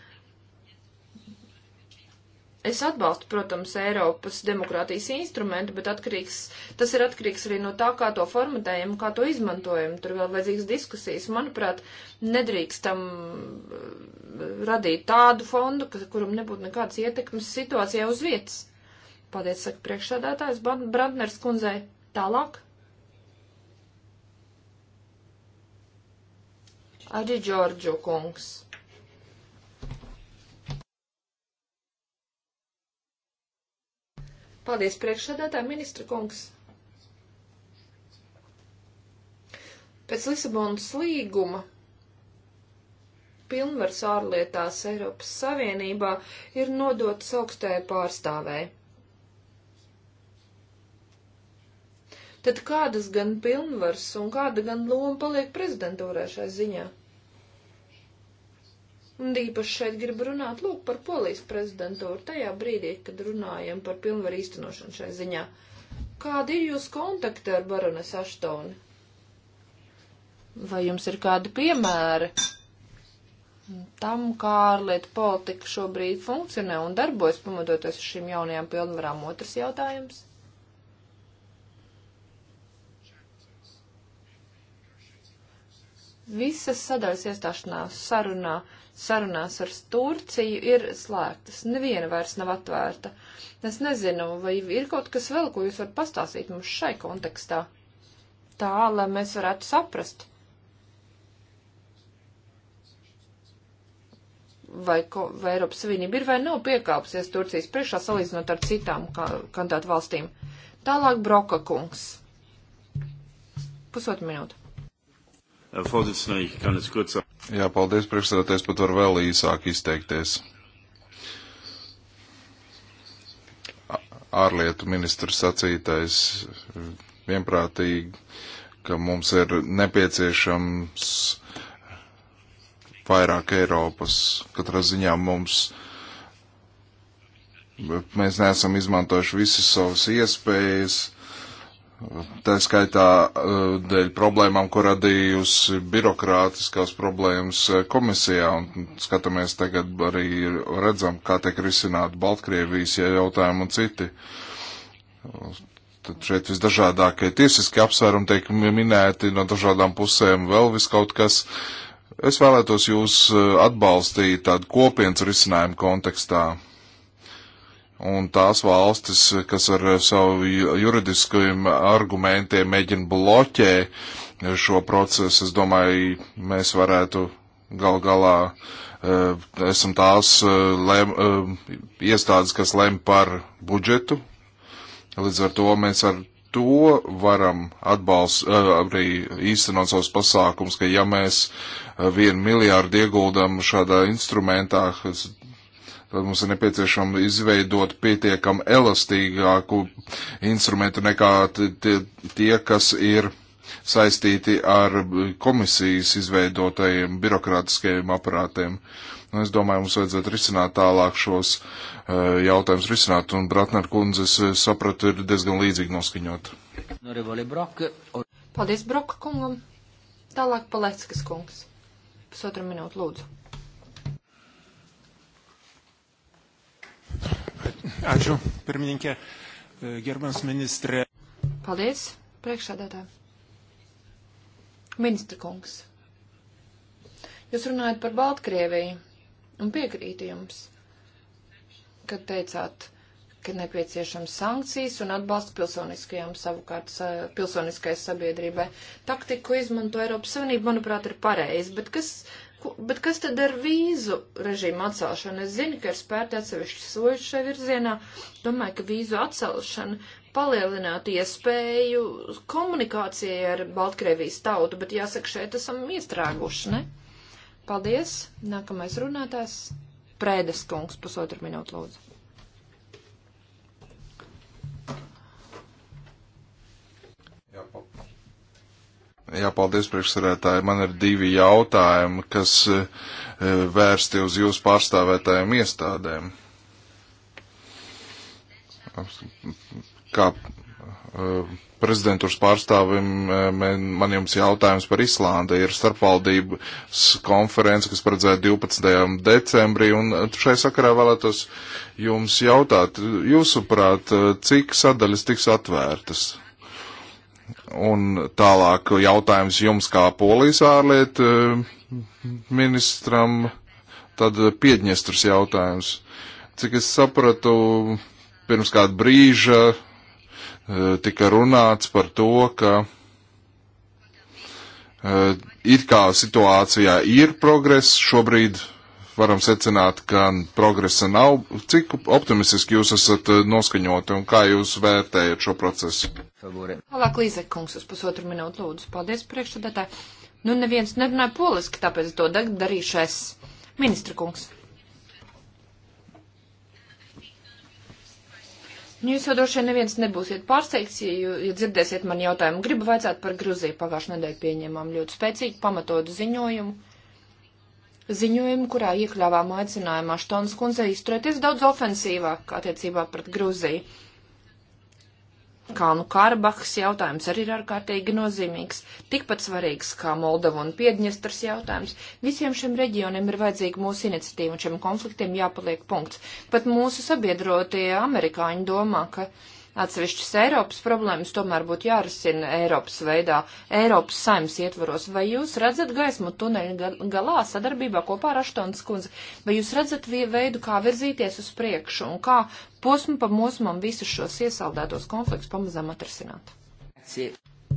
Es atbalstu, protams, Eiropas demokrātijas instrumentu, bet atkarīgs, tas ir atkarīgs arī no tā, kā to formatējam, kā to izmantojam. Tur vēl vajadzīgas diskusijas. Manuprāt, nedrīkstam eh, radīt tādu fondu, kuram nebūtu nekādas ietekmes situācijai uz vietas. Paldies, saka priekšsādātājs Brandners kundzei. Tālāk. Arī Džordžu kungs. Paldies, priekšsēdētāji, ministra kungs. Pēc Lisabonas līguma pilnvars ārlietās Eiropas Savienībā ir nodotas augstajai pārstāvēji. Tad kādas gan pilnvars un kāda gan loma paliek prezidentūrē šai ziņā? Un īpaši šeit gribu runāt, lūk, par polijas prezidentūru tajā brīdī, kad runājam par pilnvaru īstenošanu šai ziņā. Kādi ir jūs kontakti ar barones Aštoni? Vai jums ir kādi piemēri tam, kā ārlietu politika šobrīd funkcionē un darbojas, pamatoties uz šīm jaunajām pilnvarām? Otrs jautājums. Visas sadaļas iestāšanās sarunā, sarunās ar Turciju ir slēgtas. Neviena vairs nav atvērta. Es nezinu, vai ir kaut kas vēl, ko jūs varat pastāstīt mums šai kontekstā. Tā, lai mēs varētu saprast. vai, ko, vai Eiropas Savienība ir vai nav piekāpsies Turcijas priekšā salīdzinot ar citām kandidātu valstīm. Tālāk Broka kungs. Pusotru minūtu. Jā, paldies, priekšsēdētājs, pat var vēl īsāk izteikties. Ārlietu ministrs sacītais vienprātīgi, ka mums ir nepieciešams vairāk Eiropas. Katrā ziņā mums mēs neesam izmantojuši visas savas iespējas Tā skaitā eh, dēļ problēmām, ko radījusi birokrātiskās problēmas eh, komisijā, un skatāmies tagad arī redzam, kā tiek risināti Baltkrievijas jautājumi un citi. Tad šeit visdažādākie tiesiski apsvērumi tiek minēti no dažādām pusēm, vēl viskaut kas. Es vēlētos jūs eh, atbalstīt tādu kopienas risinājumu kontekstā un tās valstis, kas ar savu juridiskajiem argumentiem mēģina bloķē šo procesu, es domāju, mēs varētu gal galā eh, esam tās eh, lem, eh, iestādes, kas lem par budžetu. Līdz ar to mēs ar to varam atbalst, arī īstenot savus pasākums, ka ja mēs vienu miljārdu ieguldam šādā instrumentā, kas Tad mums ir nepieciešama izveidot pietiekam elastīgāku instrumentu nekā tie, kas ir saistīti ar komisijas izveidotajiem birokrātiskajiem aparātiem. Nu, es domāju, mums vajadzētu risināt tālāk šos uh, jautājumus risināt, un Bratner kundzes, sapratu, ir diezgan līdzīgi noskaņot. Paldies Broka kungam. Tālāk Paleckas kungs. Pusotru minūtu lūdzu. Ačiū, pirmininkė. E, Gerbams ministrė. Paldies, priekšsādātā. Ministra kungs. Jūs runājat par Baltkrieviju un piekrītu jums, kad teicāt, ka nepieciešams sankcijas un atbalsts pilsoniskajām savukārt pilsoniskais sabiedrībai. Taktiku izmanto Eiropas Savienība, manuprāt, ir pareizi, bet kas Bet kas tad ar vīzu režīmu atcelšanu? Es zinu, ka ir spērti atsevišķi soļi šajā virzienā. Domāju, ka vīzu atcelšana palielinātu iespēju komunikācijai ar Baltkrievijas tautu, bet jāsaka, šeit esam iestrēguši, ne? Paldies. Nākamais runātājs. Prēdes kungs, pusotru minūtu lūdzu. Jā, paldies priekšsarētāji. Man ir divi jautājumi, kas e, vērsti uz jūsu pārstāvētājiem iestādēm. Kā e, prezidentūras pārstāvim e, man jums jautājums par Islandi. Ir starpvaldības konference, kas paredzēta 12. decembrī, un šai sakarā vēlētos jums jautāt, jūsuprāt, cik sadaļas tiks atvērtas? Un tālāk jautājums jums kā polijas ārlietu eh, ministram, tad Piedņestras jautājums. Cik es sapratu, pirms kāda brīža eh, tika runāts par to, ka eh, it kā situācijā ir progress, šobrīd varam secināt, ka progresa nav. Cik optimistiski jūs esat eh, noskaņoti un kā jūs vērtējat šo procesu? Tālāk Līzek kungs uz pusotru minūtu lūdzu. Paldies priekšsēdētāji. Nu, neviens nerunāja poliski, tāpēc to darīšu es. Ministra kungs. Nu, jūs jau droši vien neviens nebūsiet pārsteigts, ja, ja dzirdēsiet man jautājumu. Gribu vajadzētu par Gruziju pagājušajā nedēļā pieņēmām ļoti spēcīgu pamatotu ziņojumu ziņojumu, kurā iekļāvām aicinājumu Aštons kundzei izturēties daudz ofensīvāk attiecībā pret Gruziju. Kalnu Karabahas jautājums arī ir ārkārtīgi nozīmīgs, tikpat svarīgs kā Moldova un Piedņestras jautājums. Visiem šiem reģioniem ir vajadzīga mūsu iniciatīva un šiem konfliktiem jāpaliek punkts. Pat mūsu sabiedrotie amerikāņi domā, ka Atsevišķas Eiropas problēmas tomēr būtu jārisina Eiropas veidā, Eiropas saimas ietvaros. Vai jūs redzat gaismu tuneļa galā sadarbībā kopā ar Aštons kundzi? Vai jūs redzat veidu, kā virzīties uz priekšu un kā posmu pa posmam visus šos iesaldētos konfliktus pamazām atrisināt?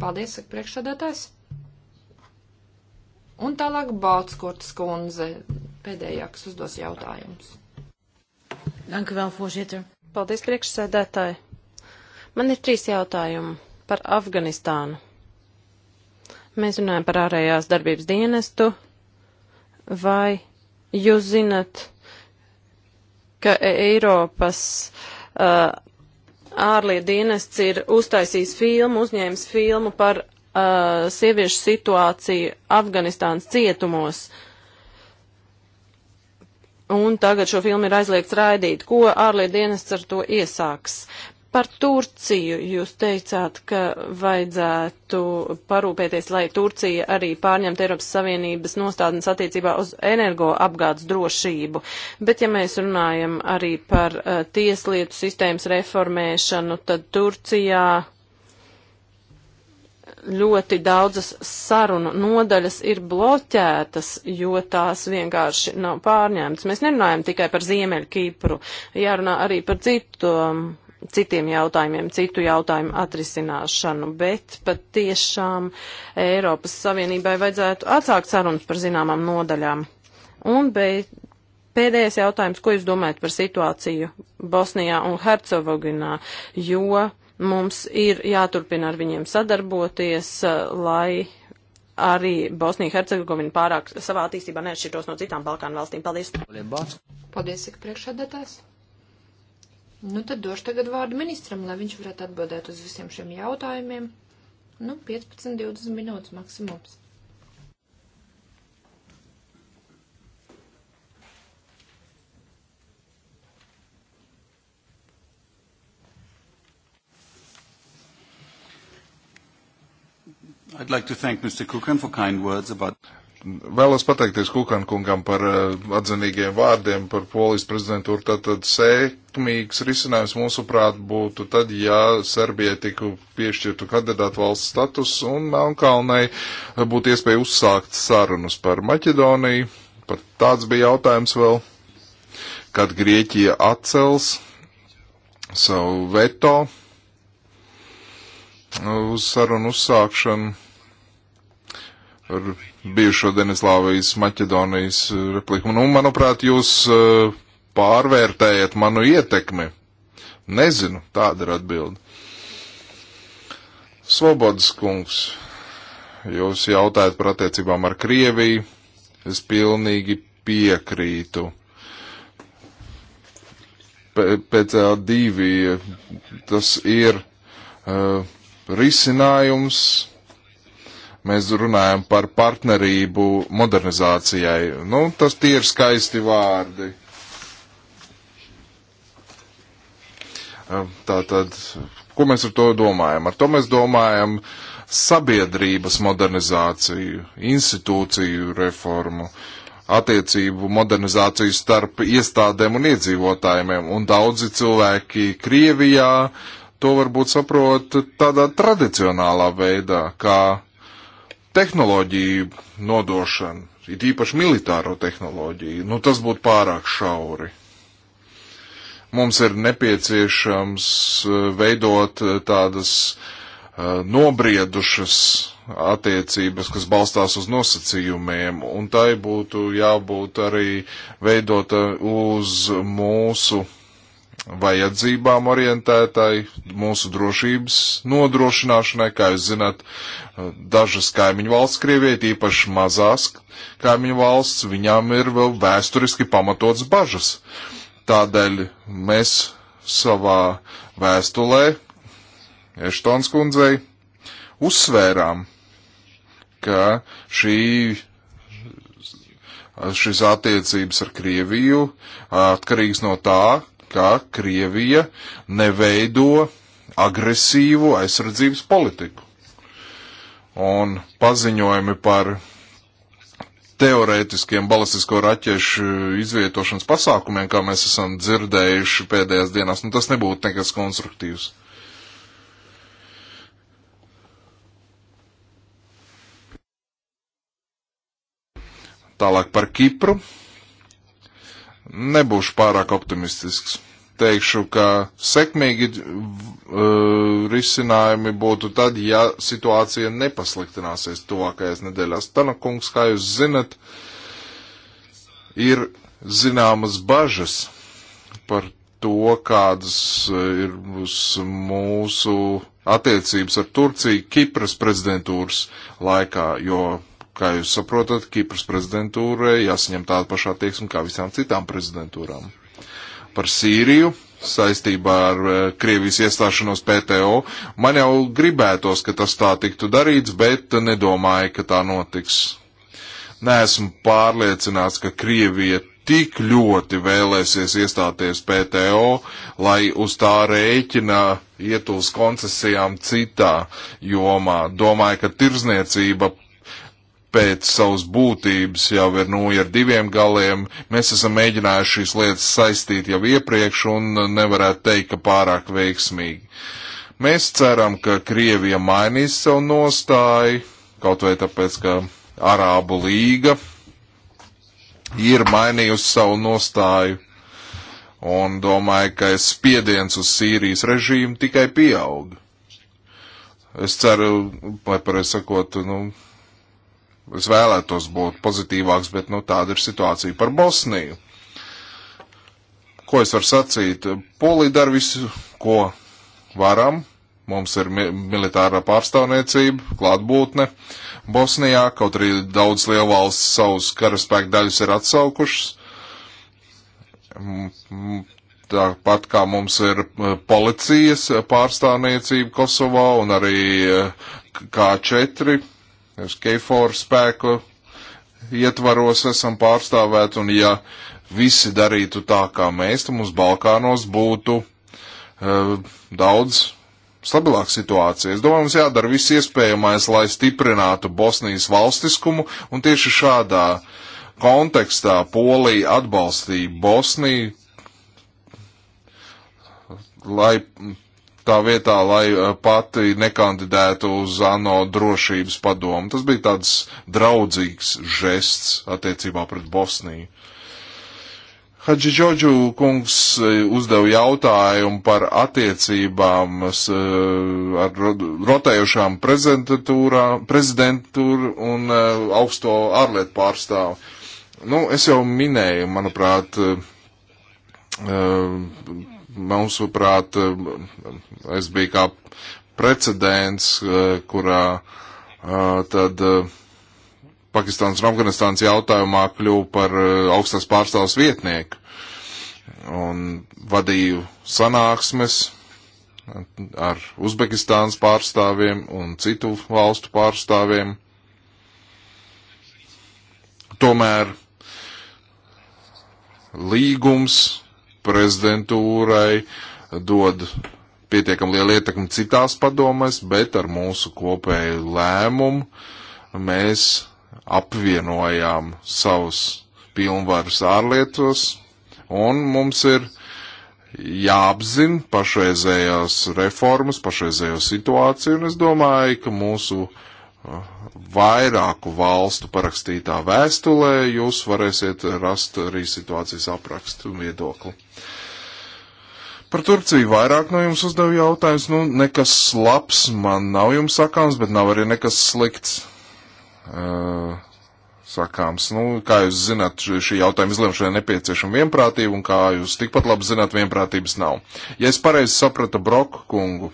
Paldies, saka priekšsādātājs. Un tālāk Baltskurtas kundze pēdējā, kas uzdos jautājumus. Danku vēl, voorzitter. Paldies, priekšsēdētāji. Man ir trīs jautājumi par Afganistānu. Mēs runājam par ārējās darbības dienestu. Vai jūs zinat, ka Eiropas uh, ārlietu dienests ir uztaisījis filmu, uzņēmis filmu par uh, sieviešu situāciju Afganistānas cietumos. Un tagad šo filmu ir aizliegts raidīt. Ko ārlietu dienests ar to iesāks? Par Turciju jūs teicāt, ka vajadzētu parūpēties, lai Turcija arī pārņemtu Eiropas Savienības nostādnes attiecībā uz energoapgādes drošību. Bet ja mēs runājam arī par uh, tieslietu sistēmas reformēšanu, tad Turcijā ļoti daudzas sarunu nodaļas ir bloķētas, jo tās vienkārši nav pārņemtas. Mēs nerunājam tikai par Ziemeļu Kipru, jārunā arī par citām um, citiem jautājumiem, citu jautājumu atrisināšanu, bet pat tiešām Eiropas Savienībai vajadzētu atsākt sarunas par zināmām nodaļām. Un beid, pēdējais jautājums, ko jūs domājat par situāciju Bosnijā un Hercegovinā, jo mums ir jāturpina ar viņiem sadarboties, lai arī Bosnija Hercegovina pārāk savā attīstībā nešķirtos no citām Balkānu valstīm. Paldies! Paldies, saka priekšsēdētājs! Nu, tad došu tagad vārdu ministram, lai viņš varētu atbildēt uz visiem šiem jautājumiem. Nu, 15-20 minūtes maksimums. I'd like to thank Mr. Kukan for kind words about Vēlos pateikties Kukan kungam par eh, atzinīgiem vārdiem par polijas prezidentūru. Tātad sēkmīgs risinājums mūsuprāt būtu tad, ja Serbijai tiku piešķirtu kandidātu valsts status un Melnkalnei būtu iespēja uzsākt sarunas par Maķedoniju. Pat tāds bija jautājums vēl, kad Grieķija atcels savu veto eh, uz sarunu uzsākšanu ar bijušo Denislāvijas Maķedonijas eh, repliku. Nu, manuprāt, jūs eh, pārvērtējat manu ietekmi. Nezinu, tāda ir atbilde. Svobodas kungs, jūs jautājat par attiecībām ar Krieviju. Es pilnīgi piekrītu. PCA2 eh, tas ir uh, risinājums Mēs runājam par partnerību modernizācijai. Nu, tas tie ir skaisti vārdi. Tātad, ko mēs ar to domājam? Ar to mēs domājam sabiedrības modernizāciju, institūciju reformu, attiecību modernizāciju starp iestādēm un iedzīvotājiem. Un daudzi cilvēki Krievijā to varbūt saprot tādā tradicionālā veidā, kā tehnoloģiju nodošana, it īpaši militāro tehnoloģiju, nu tas būtu pārāk šauri. Mums ir nepieciešams eh, veidot eh, tādas eh, nobriedušas attiecības, kas balstās uz nosacījumiem, un tai būtu jābūt arī veidota uz mūsu vajadzībām orientētai, mūsu drošības nodrošināšanai, kā jūs zināt, dažas kaimiņu valsts Krievijai, īpaši mazās kaimiņu valsts, viņām ir vēl vēsturiski pamatots bažas. Tādēļ mēs savā vēstulē Eštons kundzei uzsvērām, ka šī šis attiecības ar Krieviju atkarīgs no tā, ka Krievija neveido agresīvu aizsardzības politiku. Un paziņojumi par teorētiskiem balistisko raķešu izvietošanas pasākumiem, kā mēs esam dzirdējuši pēdējās dienās, nu tas nebūtu nekas konstruktīvs. Tālāk par Kipru nebūšu pārāk optimistisks. Teikšu, ka sekmīgi uh, risinājumi būtu tad, ja situācija nepasliktināsies tuvākajās nedēļās. Tanakungs, kā jūs zinat, ir zināmas bažas par to, kādas ir mūsu attiecības ar Turciju Kipras prezidentūras laikā, jo Kā jūs saprotat, Kipras prezidentūrai jāsaņem tāda paša attieksme kā visām citām prezidentūrām. Par Sīriju saistībā ar eh, Krievijas iestāšanos PTO. Man jau gribētos, ka tas tā tiktu darīts, bet nedomāju, ka tā notiks. Neesmu pārliecināts, ka Krievija tik ļoti vēlēsies iestāties PTO, lai uz tā rēķina iet uz koncesijām citā jomā. Domāju, ka tirzniecība pēc savas būtības jau ir nūja nu, ar diviem galiem. Mēs esam mēģinājuši šīs lietas saistīt jau iepriekš un nevarētu teikt, ka pārāk veiksmīgi. Mēs ceram, ka Krievija mainīs savu nostāju, kaut vai tāpēc, ka Arābu līga ir mainījusi savu nostāju. Un domāju, ka spiediens uz Sīrijas režīmu tikai pieaug. Es ceru, lai pareizi sakot, nu, Es vēlētos būt pozitīvāks, bet nu, tāda ir situācija par Bosniju. Ko es varu sacīt? Polija dara visu, ko varam. Mums ir mi militārā pārstāvniecība, klātbūtne Bosnijā, kaut arī daudz lielvalsts savus karaspēku daļus ir atsaukušas. Tāpat kā mums ir policijas pārstāvniecība Kosovā un arī K4 Keiforu spēku ietvaros esam pārstāvēti, un ja visi darītu tā, kā mēs, tad mums Balkānos būtu uh, daudz stabilāka situācija. Es domāju, mums jādara viss iespējamais, lai stiprinātu Bosnijas valstiskumu, un tieši šādā kontekstā Polija atbalstīja Bosniju, lai tā vietā, lai uh, pati nekandidētu uz ANO drošības padomu. Tas bija tāds draudzīgs žests attiecībā pret Bosniju. Hadži Džodžu kungs uh, uzdeva jautājumu par attiecībām uh, ar rotējušām prezidentūru un augsto ārlietu pārstāvu. Nu, es jau minēju, manuprāt, Mūsuprāt, eh, es biju kā precedents, eh, kurā eh, tad Pakistāns un Afganistāns jautājumā kļuvu par augstās pārstāvs vietnieku un vadīju sanāksmes ar Uzbekistānas pārstāvjiem un citu valstu pārstāvjiem. Tomēr līgums prezidentūrai dod pietiekami liela ietekme citās padomēs, bet ar mūsu kopēju lēmumu mēs apvienojām savus pilnvarus ārlietos, un mums ir jāapzin pašreizējās reformas, pašreizējo situāciju, un es domāju, ka mūsu uh, vairāku valstu parakstītā vēstulē, jūs varēsiet rast arī situācijas aprakstu un viedokli. Par Turciju vairāk no jums uzdevu jautājums, nu, nekas labs man nav jums sakāms, bet nav arī nekas slikts. Uh, sakāms. Nu, kā jūs zināt, šī jautājuma izlemšanai nepieciešama vienprātība, un kā jūs tikpat labi zināt, vienprātības nav. Ja es pareizi sapratu Broku kungu,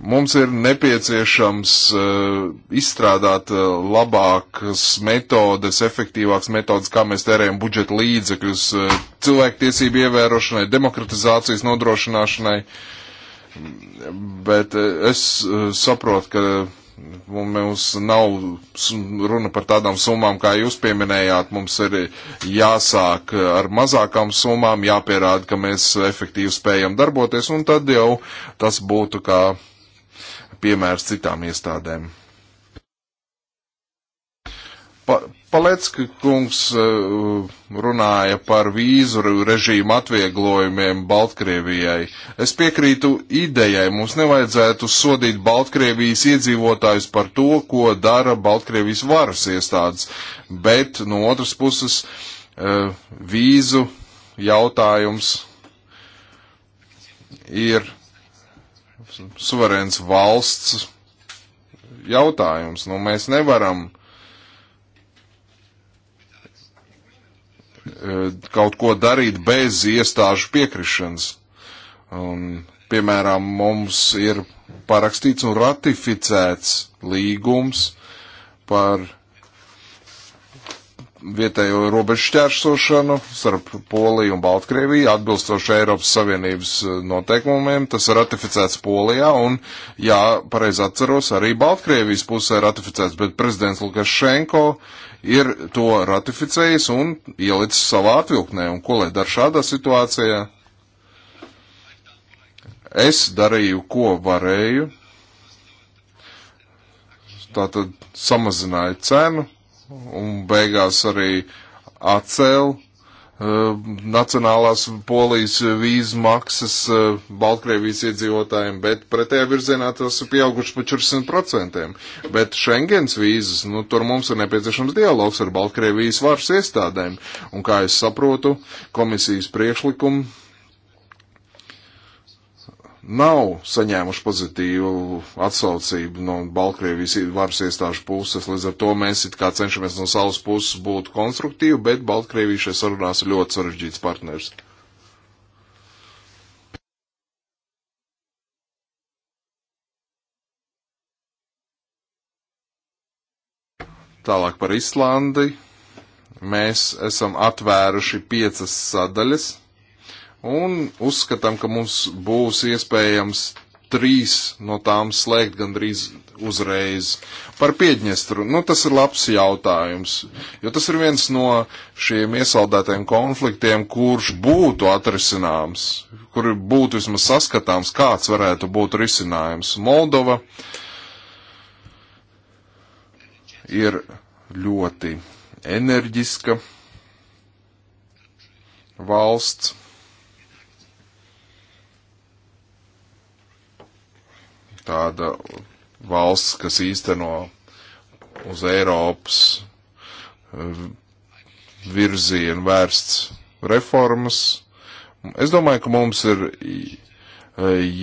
Mums ir nepieciešams uh, izstrādāt uh, labākas metodes, efektīvākas metodes, kā mēs tērējam budžeta līdzekļus uh, cilvēktiesību ievērošanai, demokratizācijas nodrošināšanai. Bet uh, es uh, saprotu, ka mums nav runa par tādām summām, kā jūs pieminējāt. Mums ir jāsāk ar mazākām summām, jāpierāda, ka mēs efektīvi spējam darboties, un tad jau tas būtu kā piemērs citām iestādēm. Pa, Palecka kungs eh, runāja par vīzu režīmu atvieglojumiem Baltkrievijai. Es piekrītu idejai, mums nevajadzētu sodīt Baltkrievijas iedzīvotājus par to, ko dara Baltkrievijas varas iestādes, bet no otras puses eh, vīzu jautājums ir suverēns valsts jautājums. Nu, mēs nevaram e, kaut ko darīt bez iestāžu piekrišanas. Un, piemēram, mums ir parakstīts un ratificēts līgums par vietējo robežu šķērsošanu starp Poliju un Baltkrieviju atbilstoši Eiropas Savienības eh, noteikumiem. Tas ir ratificēts Polijā un, jā, pareizi atceros, arī Baltkrievijas pusē ratificēts, bet prezidents Lukašenko ir to ratificējis un ielicis savā atvilknē. Un ko lai dar šādā situācijā? Es darīju, ko varēju. Tātad samazināju cenu un beigās arī atcēla uh, eh, nacionālās polijas vīzu maksas uh, eh, Baltkrievijas iedzīvotājiem, bet pretējā virzienā tas ir pieauguši pa 400%. Bet Schengens vīzas, nu, tur mums ir nepieciešams dialogs ar Baltkrievijas varas iestādēm. Un, kā es saprotu, komisijas priekšlikumu nav saņēmuši pozitīvu atsaucību no Baltkrievijas varas iestāžu puses. Līdz ar to mēs it kā cenšamies no savas puses būt konstruktīvi, bet Baltkrievija šajā sarunās ir ļoti sarežģīts partners. Tālāk par Islandi. Mēs esam atvēruši piecas sadaļas un uzskatām, ka mums būs iespējams trīs no tām slēgt gandrīz uzreiz. Par Piedņestru, nu tas ir labs jautājums, jo tas ir viens no šiem iesaldētiem konfliktiem, kurš būtu atrisināms, kur būtu vismaz saskatāms, kāds varētu būt risinājums. Moldova ir ļoti enerģiska valsts tāda valsts, kas īsteno uz Eiropas eh, virzienu vērsts reformas. Es domāju, ka mums ir eh,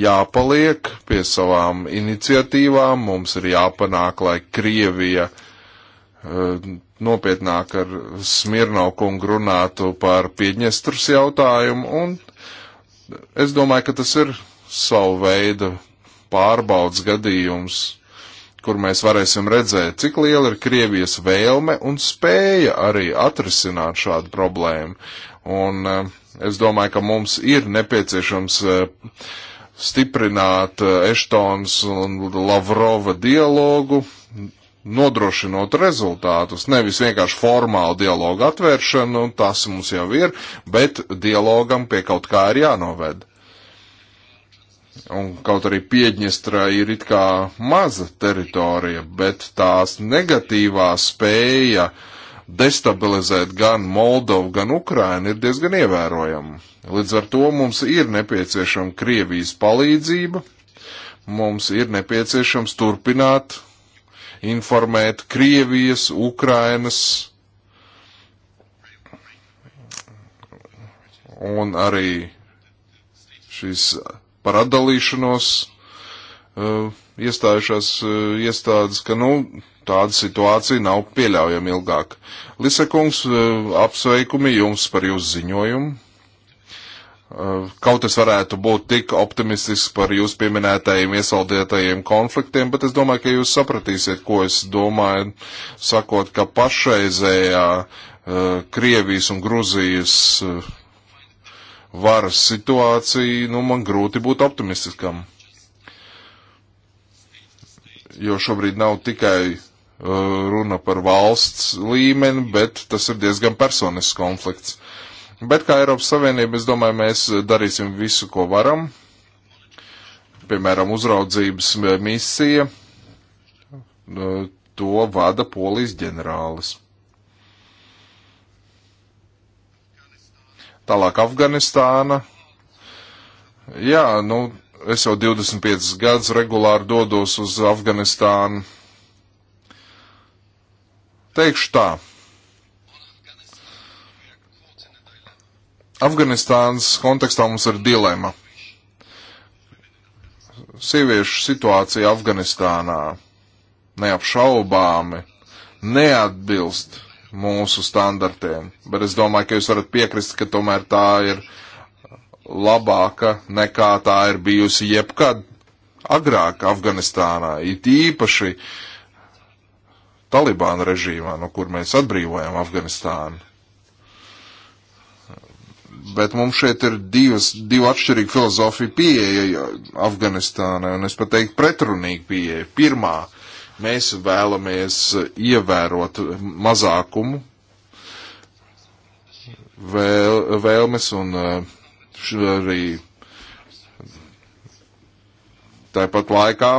jāpaliek pie savām iniciatīvām, mums ir jāpanāk, lai Krievija eh, nopietnāk ar Smirnaukungu runātu par Piedņestrus jautājumu, un es domāju, ka tas ir savu veidu pārbaudas gadījums, kur mēs varēsim redzēt, cik liela ir Krievijas vēlme un spēja arī atrisināt šādu problēmu. Un eh, es domāju, ka mums ir nepieciešams eh, stiprināt eh, Eštons un Lavrova dialogu, nodrošinot rezultātus, nevis vienkārši formālu dialogu atvēršanu, un tas mums jau ir, bet dialogam pie kaut kā ir jānoved. Un kaut arī Piedņestrā ir it kā maza teritorija, bet tās negatīvā spēja destabilizēt gan Moldovu, gan Ukrainu ir diezgan ievērojama. Līdz ar to mums ir nepieciešama Krievijas palīdzība, mums ir nepieciešams turpināt informēt Krievijas, Ukrainas, un arī šīs par atdalīšanos uh, iestājušās uh, iestādes, ka nu, tāda situācija nav pieļaujama ilgāk. Lisekungs, uh, e, apsveikumi jums par jūsu ziņojumu. Kaut es varētu būt tik optimistisks par jūs pieminētajiem iesaldētajiem konfliktiem, bet es domāju, ka jūs sapratīsiet, ko es domāju, sakot, ka pašreizējā Krievijas un Gruzijas varas situāciju, nu man grūti būt optimistiskam. Jo šobrīd nav tikai uh, runa par valsts līmeni, bet tas ir diezgan personisks konflikts. Bet kā Eiropas Savienība, es domāju, mēs darīsim visu, ko varam. Piemēram, uzraudzības misija, uh, to vada polijas ģenerālis. Tālāk Afganistāna. Jā, nu, es jau 25 gadus regulāri dodos uz Afganistānu. Teikšu tā. Afganistānas kontekstā mums ir dilema. Sieviešu situācija Afganistānā neapšaubāmi neatbilst mūsu standartiem. Bet es domāju, ka jūs varat piekrist, ka tomēr tā ir labāka nekā tā ir bijusi jebkad agrāk Afganistānā, it īpaši Talibāna režīmā, no kur mēs atbrīvojam Afganistānu. Bet mums šeit ir divas, divi atšķirīgi filozofija pieeja Afganistānai, un es pat teiktu pretrunīgi pieeja. Pirmā Mēs vēlamies ievērot mazākumu vēl, vēlmes un eh, arī tāpat laikā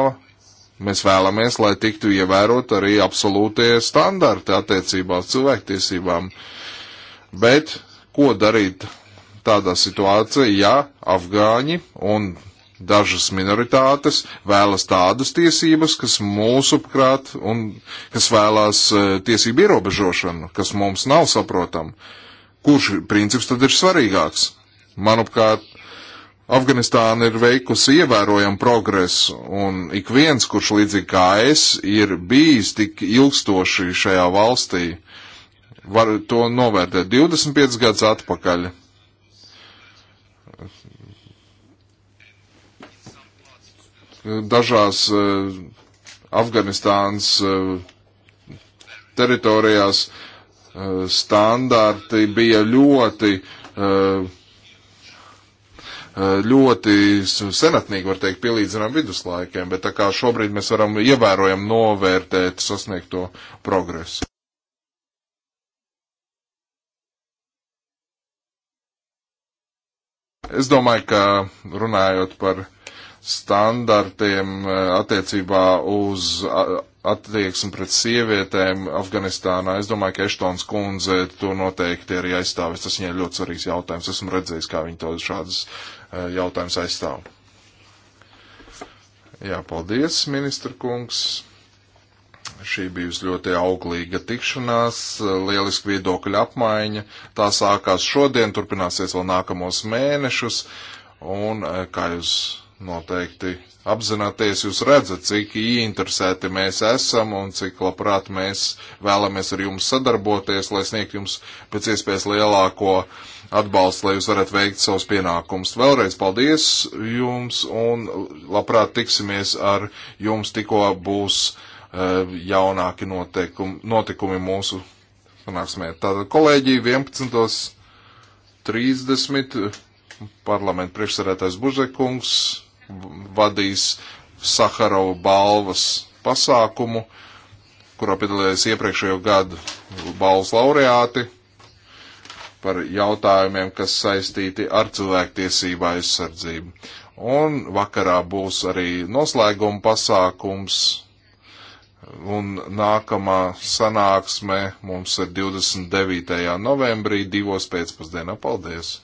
mēs vēlamies, lai tiktu ievērot arī absolūtie standarti attiecībā uz cilvēktiesībām. Bet ko darīt tādā situācijā, ja afgāņi un Dažas minoritātes vēlas tādas tiesības, kas mūsuprāt, un kas vēlās e, tiesību ierobežošanu, kas mums nav saprotam. Kurš princips tad ir svarīgāks? Manuprāt, Afganistāna ir veikusi ievērojamu progresu, un ik viens, kurš līdzīgi kā es, ir bijis tik ilgstoši šajā valstī, var to novērtēt 25 gadus atpakaļ. dažās eh, Afganistānas eh, teritorijās eh, standarti bija ļoti, ļoti senatnīgi, var teikt, pielīdzinām viduslaikiem, bet tā kā šobrīd mēs varam ievērojam novērtēt sasniegto progresu. Es domāju, ka runājot par standartiem eh, attiecībā uz attieksmi pret sievietēm Afganistānā. Es domāju, ka Eštons kundze to noteikti arī aizstāvēs. Tas viņai ļoti svarīgs jautājums. Esmu redzējis, kā viņi to šādas eh, jautājumas aizstāv. Jā, paldies, ministra kungs. Šī bijusi ļoti auglīga tikšanās, lieliski viedokļa apmaiņa. Tā sākās šodien, turpināsies vēl nākamos mēnešus. Un, eh, kā jūs noteikti apzināties, jūs redzat, cik ieinteresēti mēs esam un cik labprāt mēs vēlamies ar jums sadarboties, lai sniegt jums pēc iespējas lielāko atbalstu, lai jūs varat veikt savus pienākumus. Vēlreiz paldies jums un labprāt tiksimies ar jums, tikko būs uh, jaunāki noteikumi, notikumi mūsu sanāksmē. Tātad kolēģi 11.30 parlamenta priekšsarētājs Bužekungs, vadīs Saharova balvas pasākumu, kurā piedalījās iepriekšējo gadu balvas laureāti par jautājumiem, kas saistīti ar cilvēktiesību aizsardzību. Un vakarā būs arī noslēguma pasākums, un nākamā sanāksme mums ir 29. novembrī divos pēcpusdienā. Paldies!